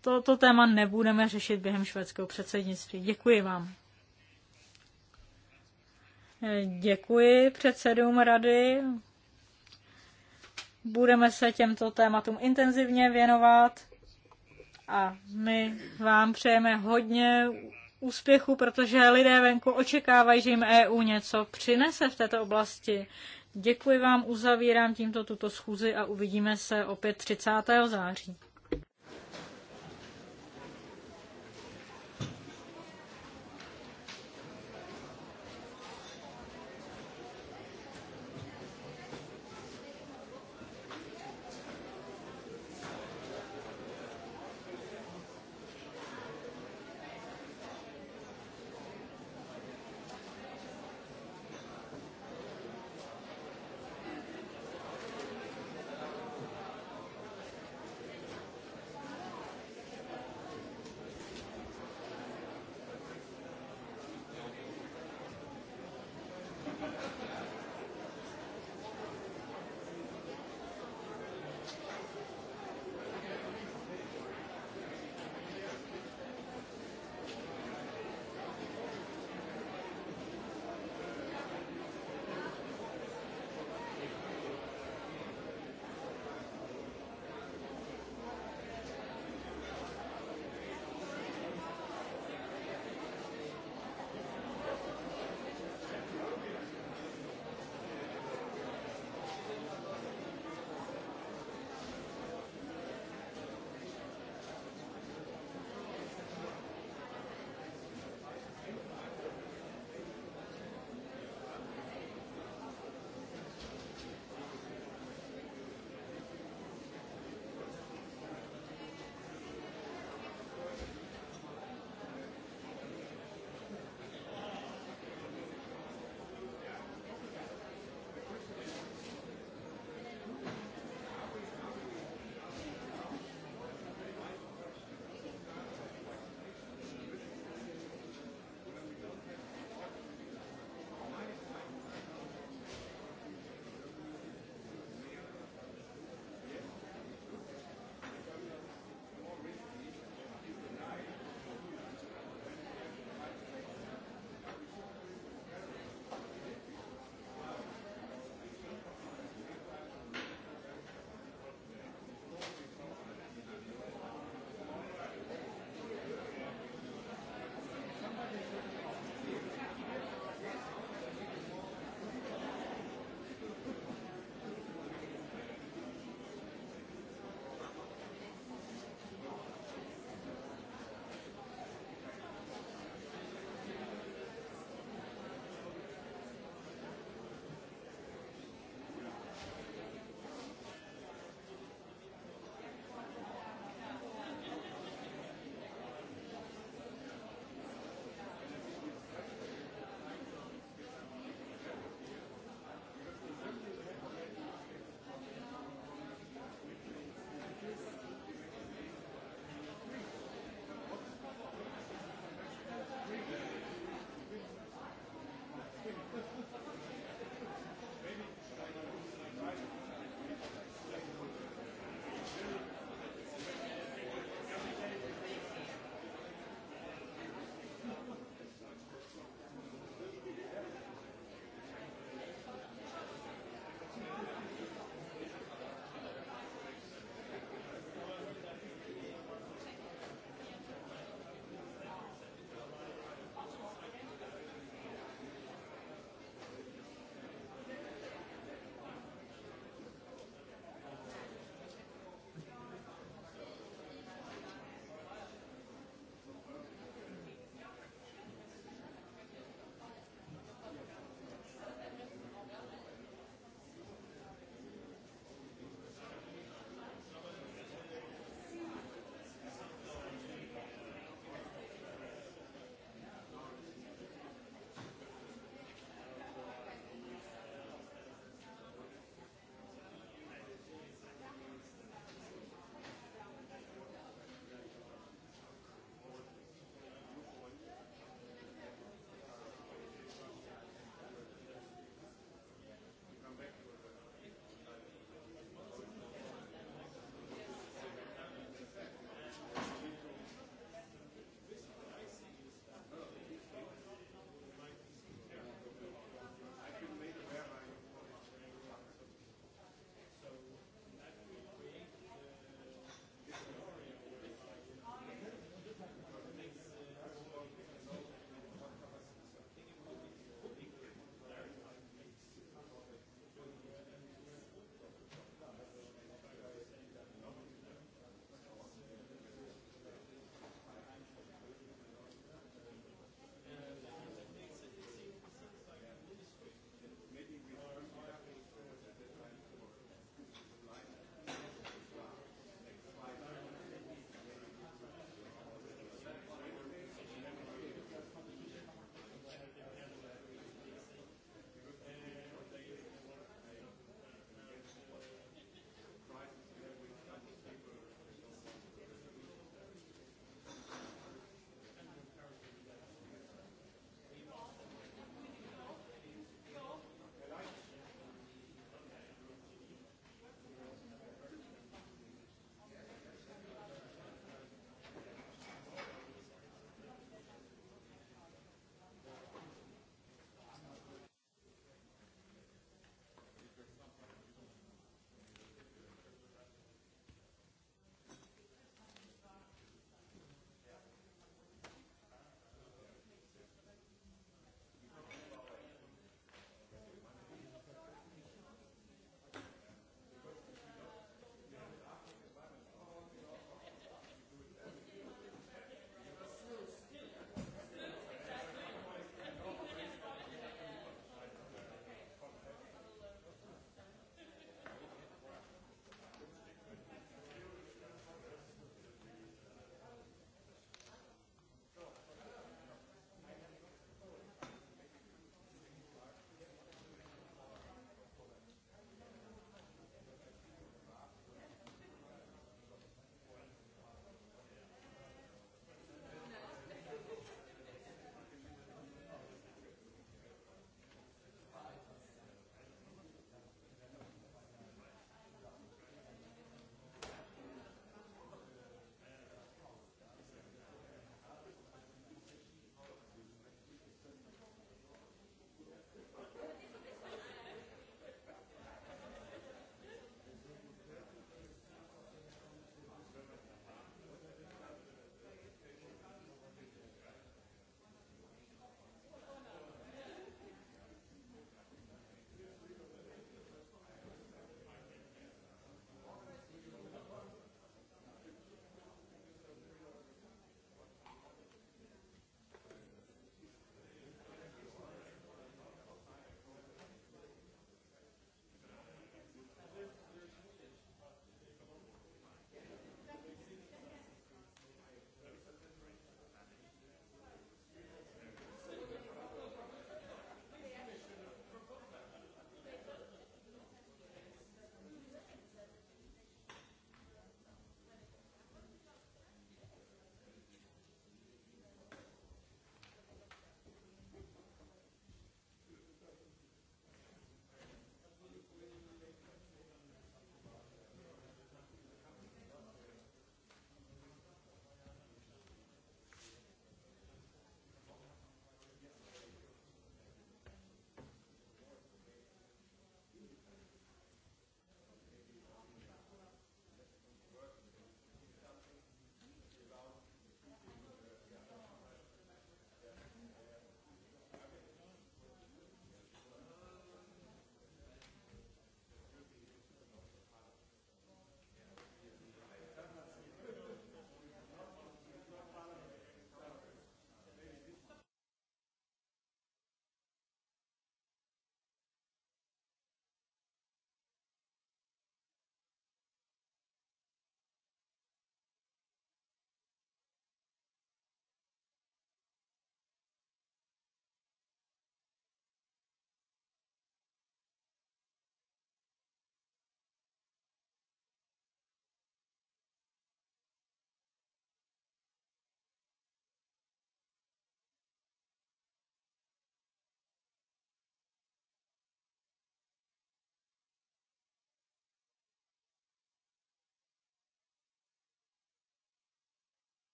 Toto téma nebudeme řešit během švédského předsednictví. Děkuji vám. Děkuji předsedům rady. Budeme se těmto tématům intenzivně věnovat a my vám přejeme hodně úspěchu, protože lidé venku očekávají, že jim EU něco přinese v této oblasti. Děkuji vám, uzavírám tímto tuto schůzi a uvidíme se opět 30. září.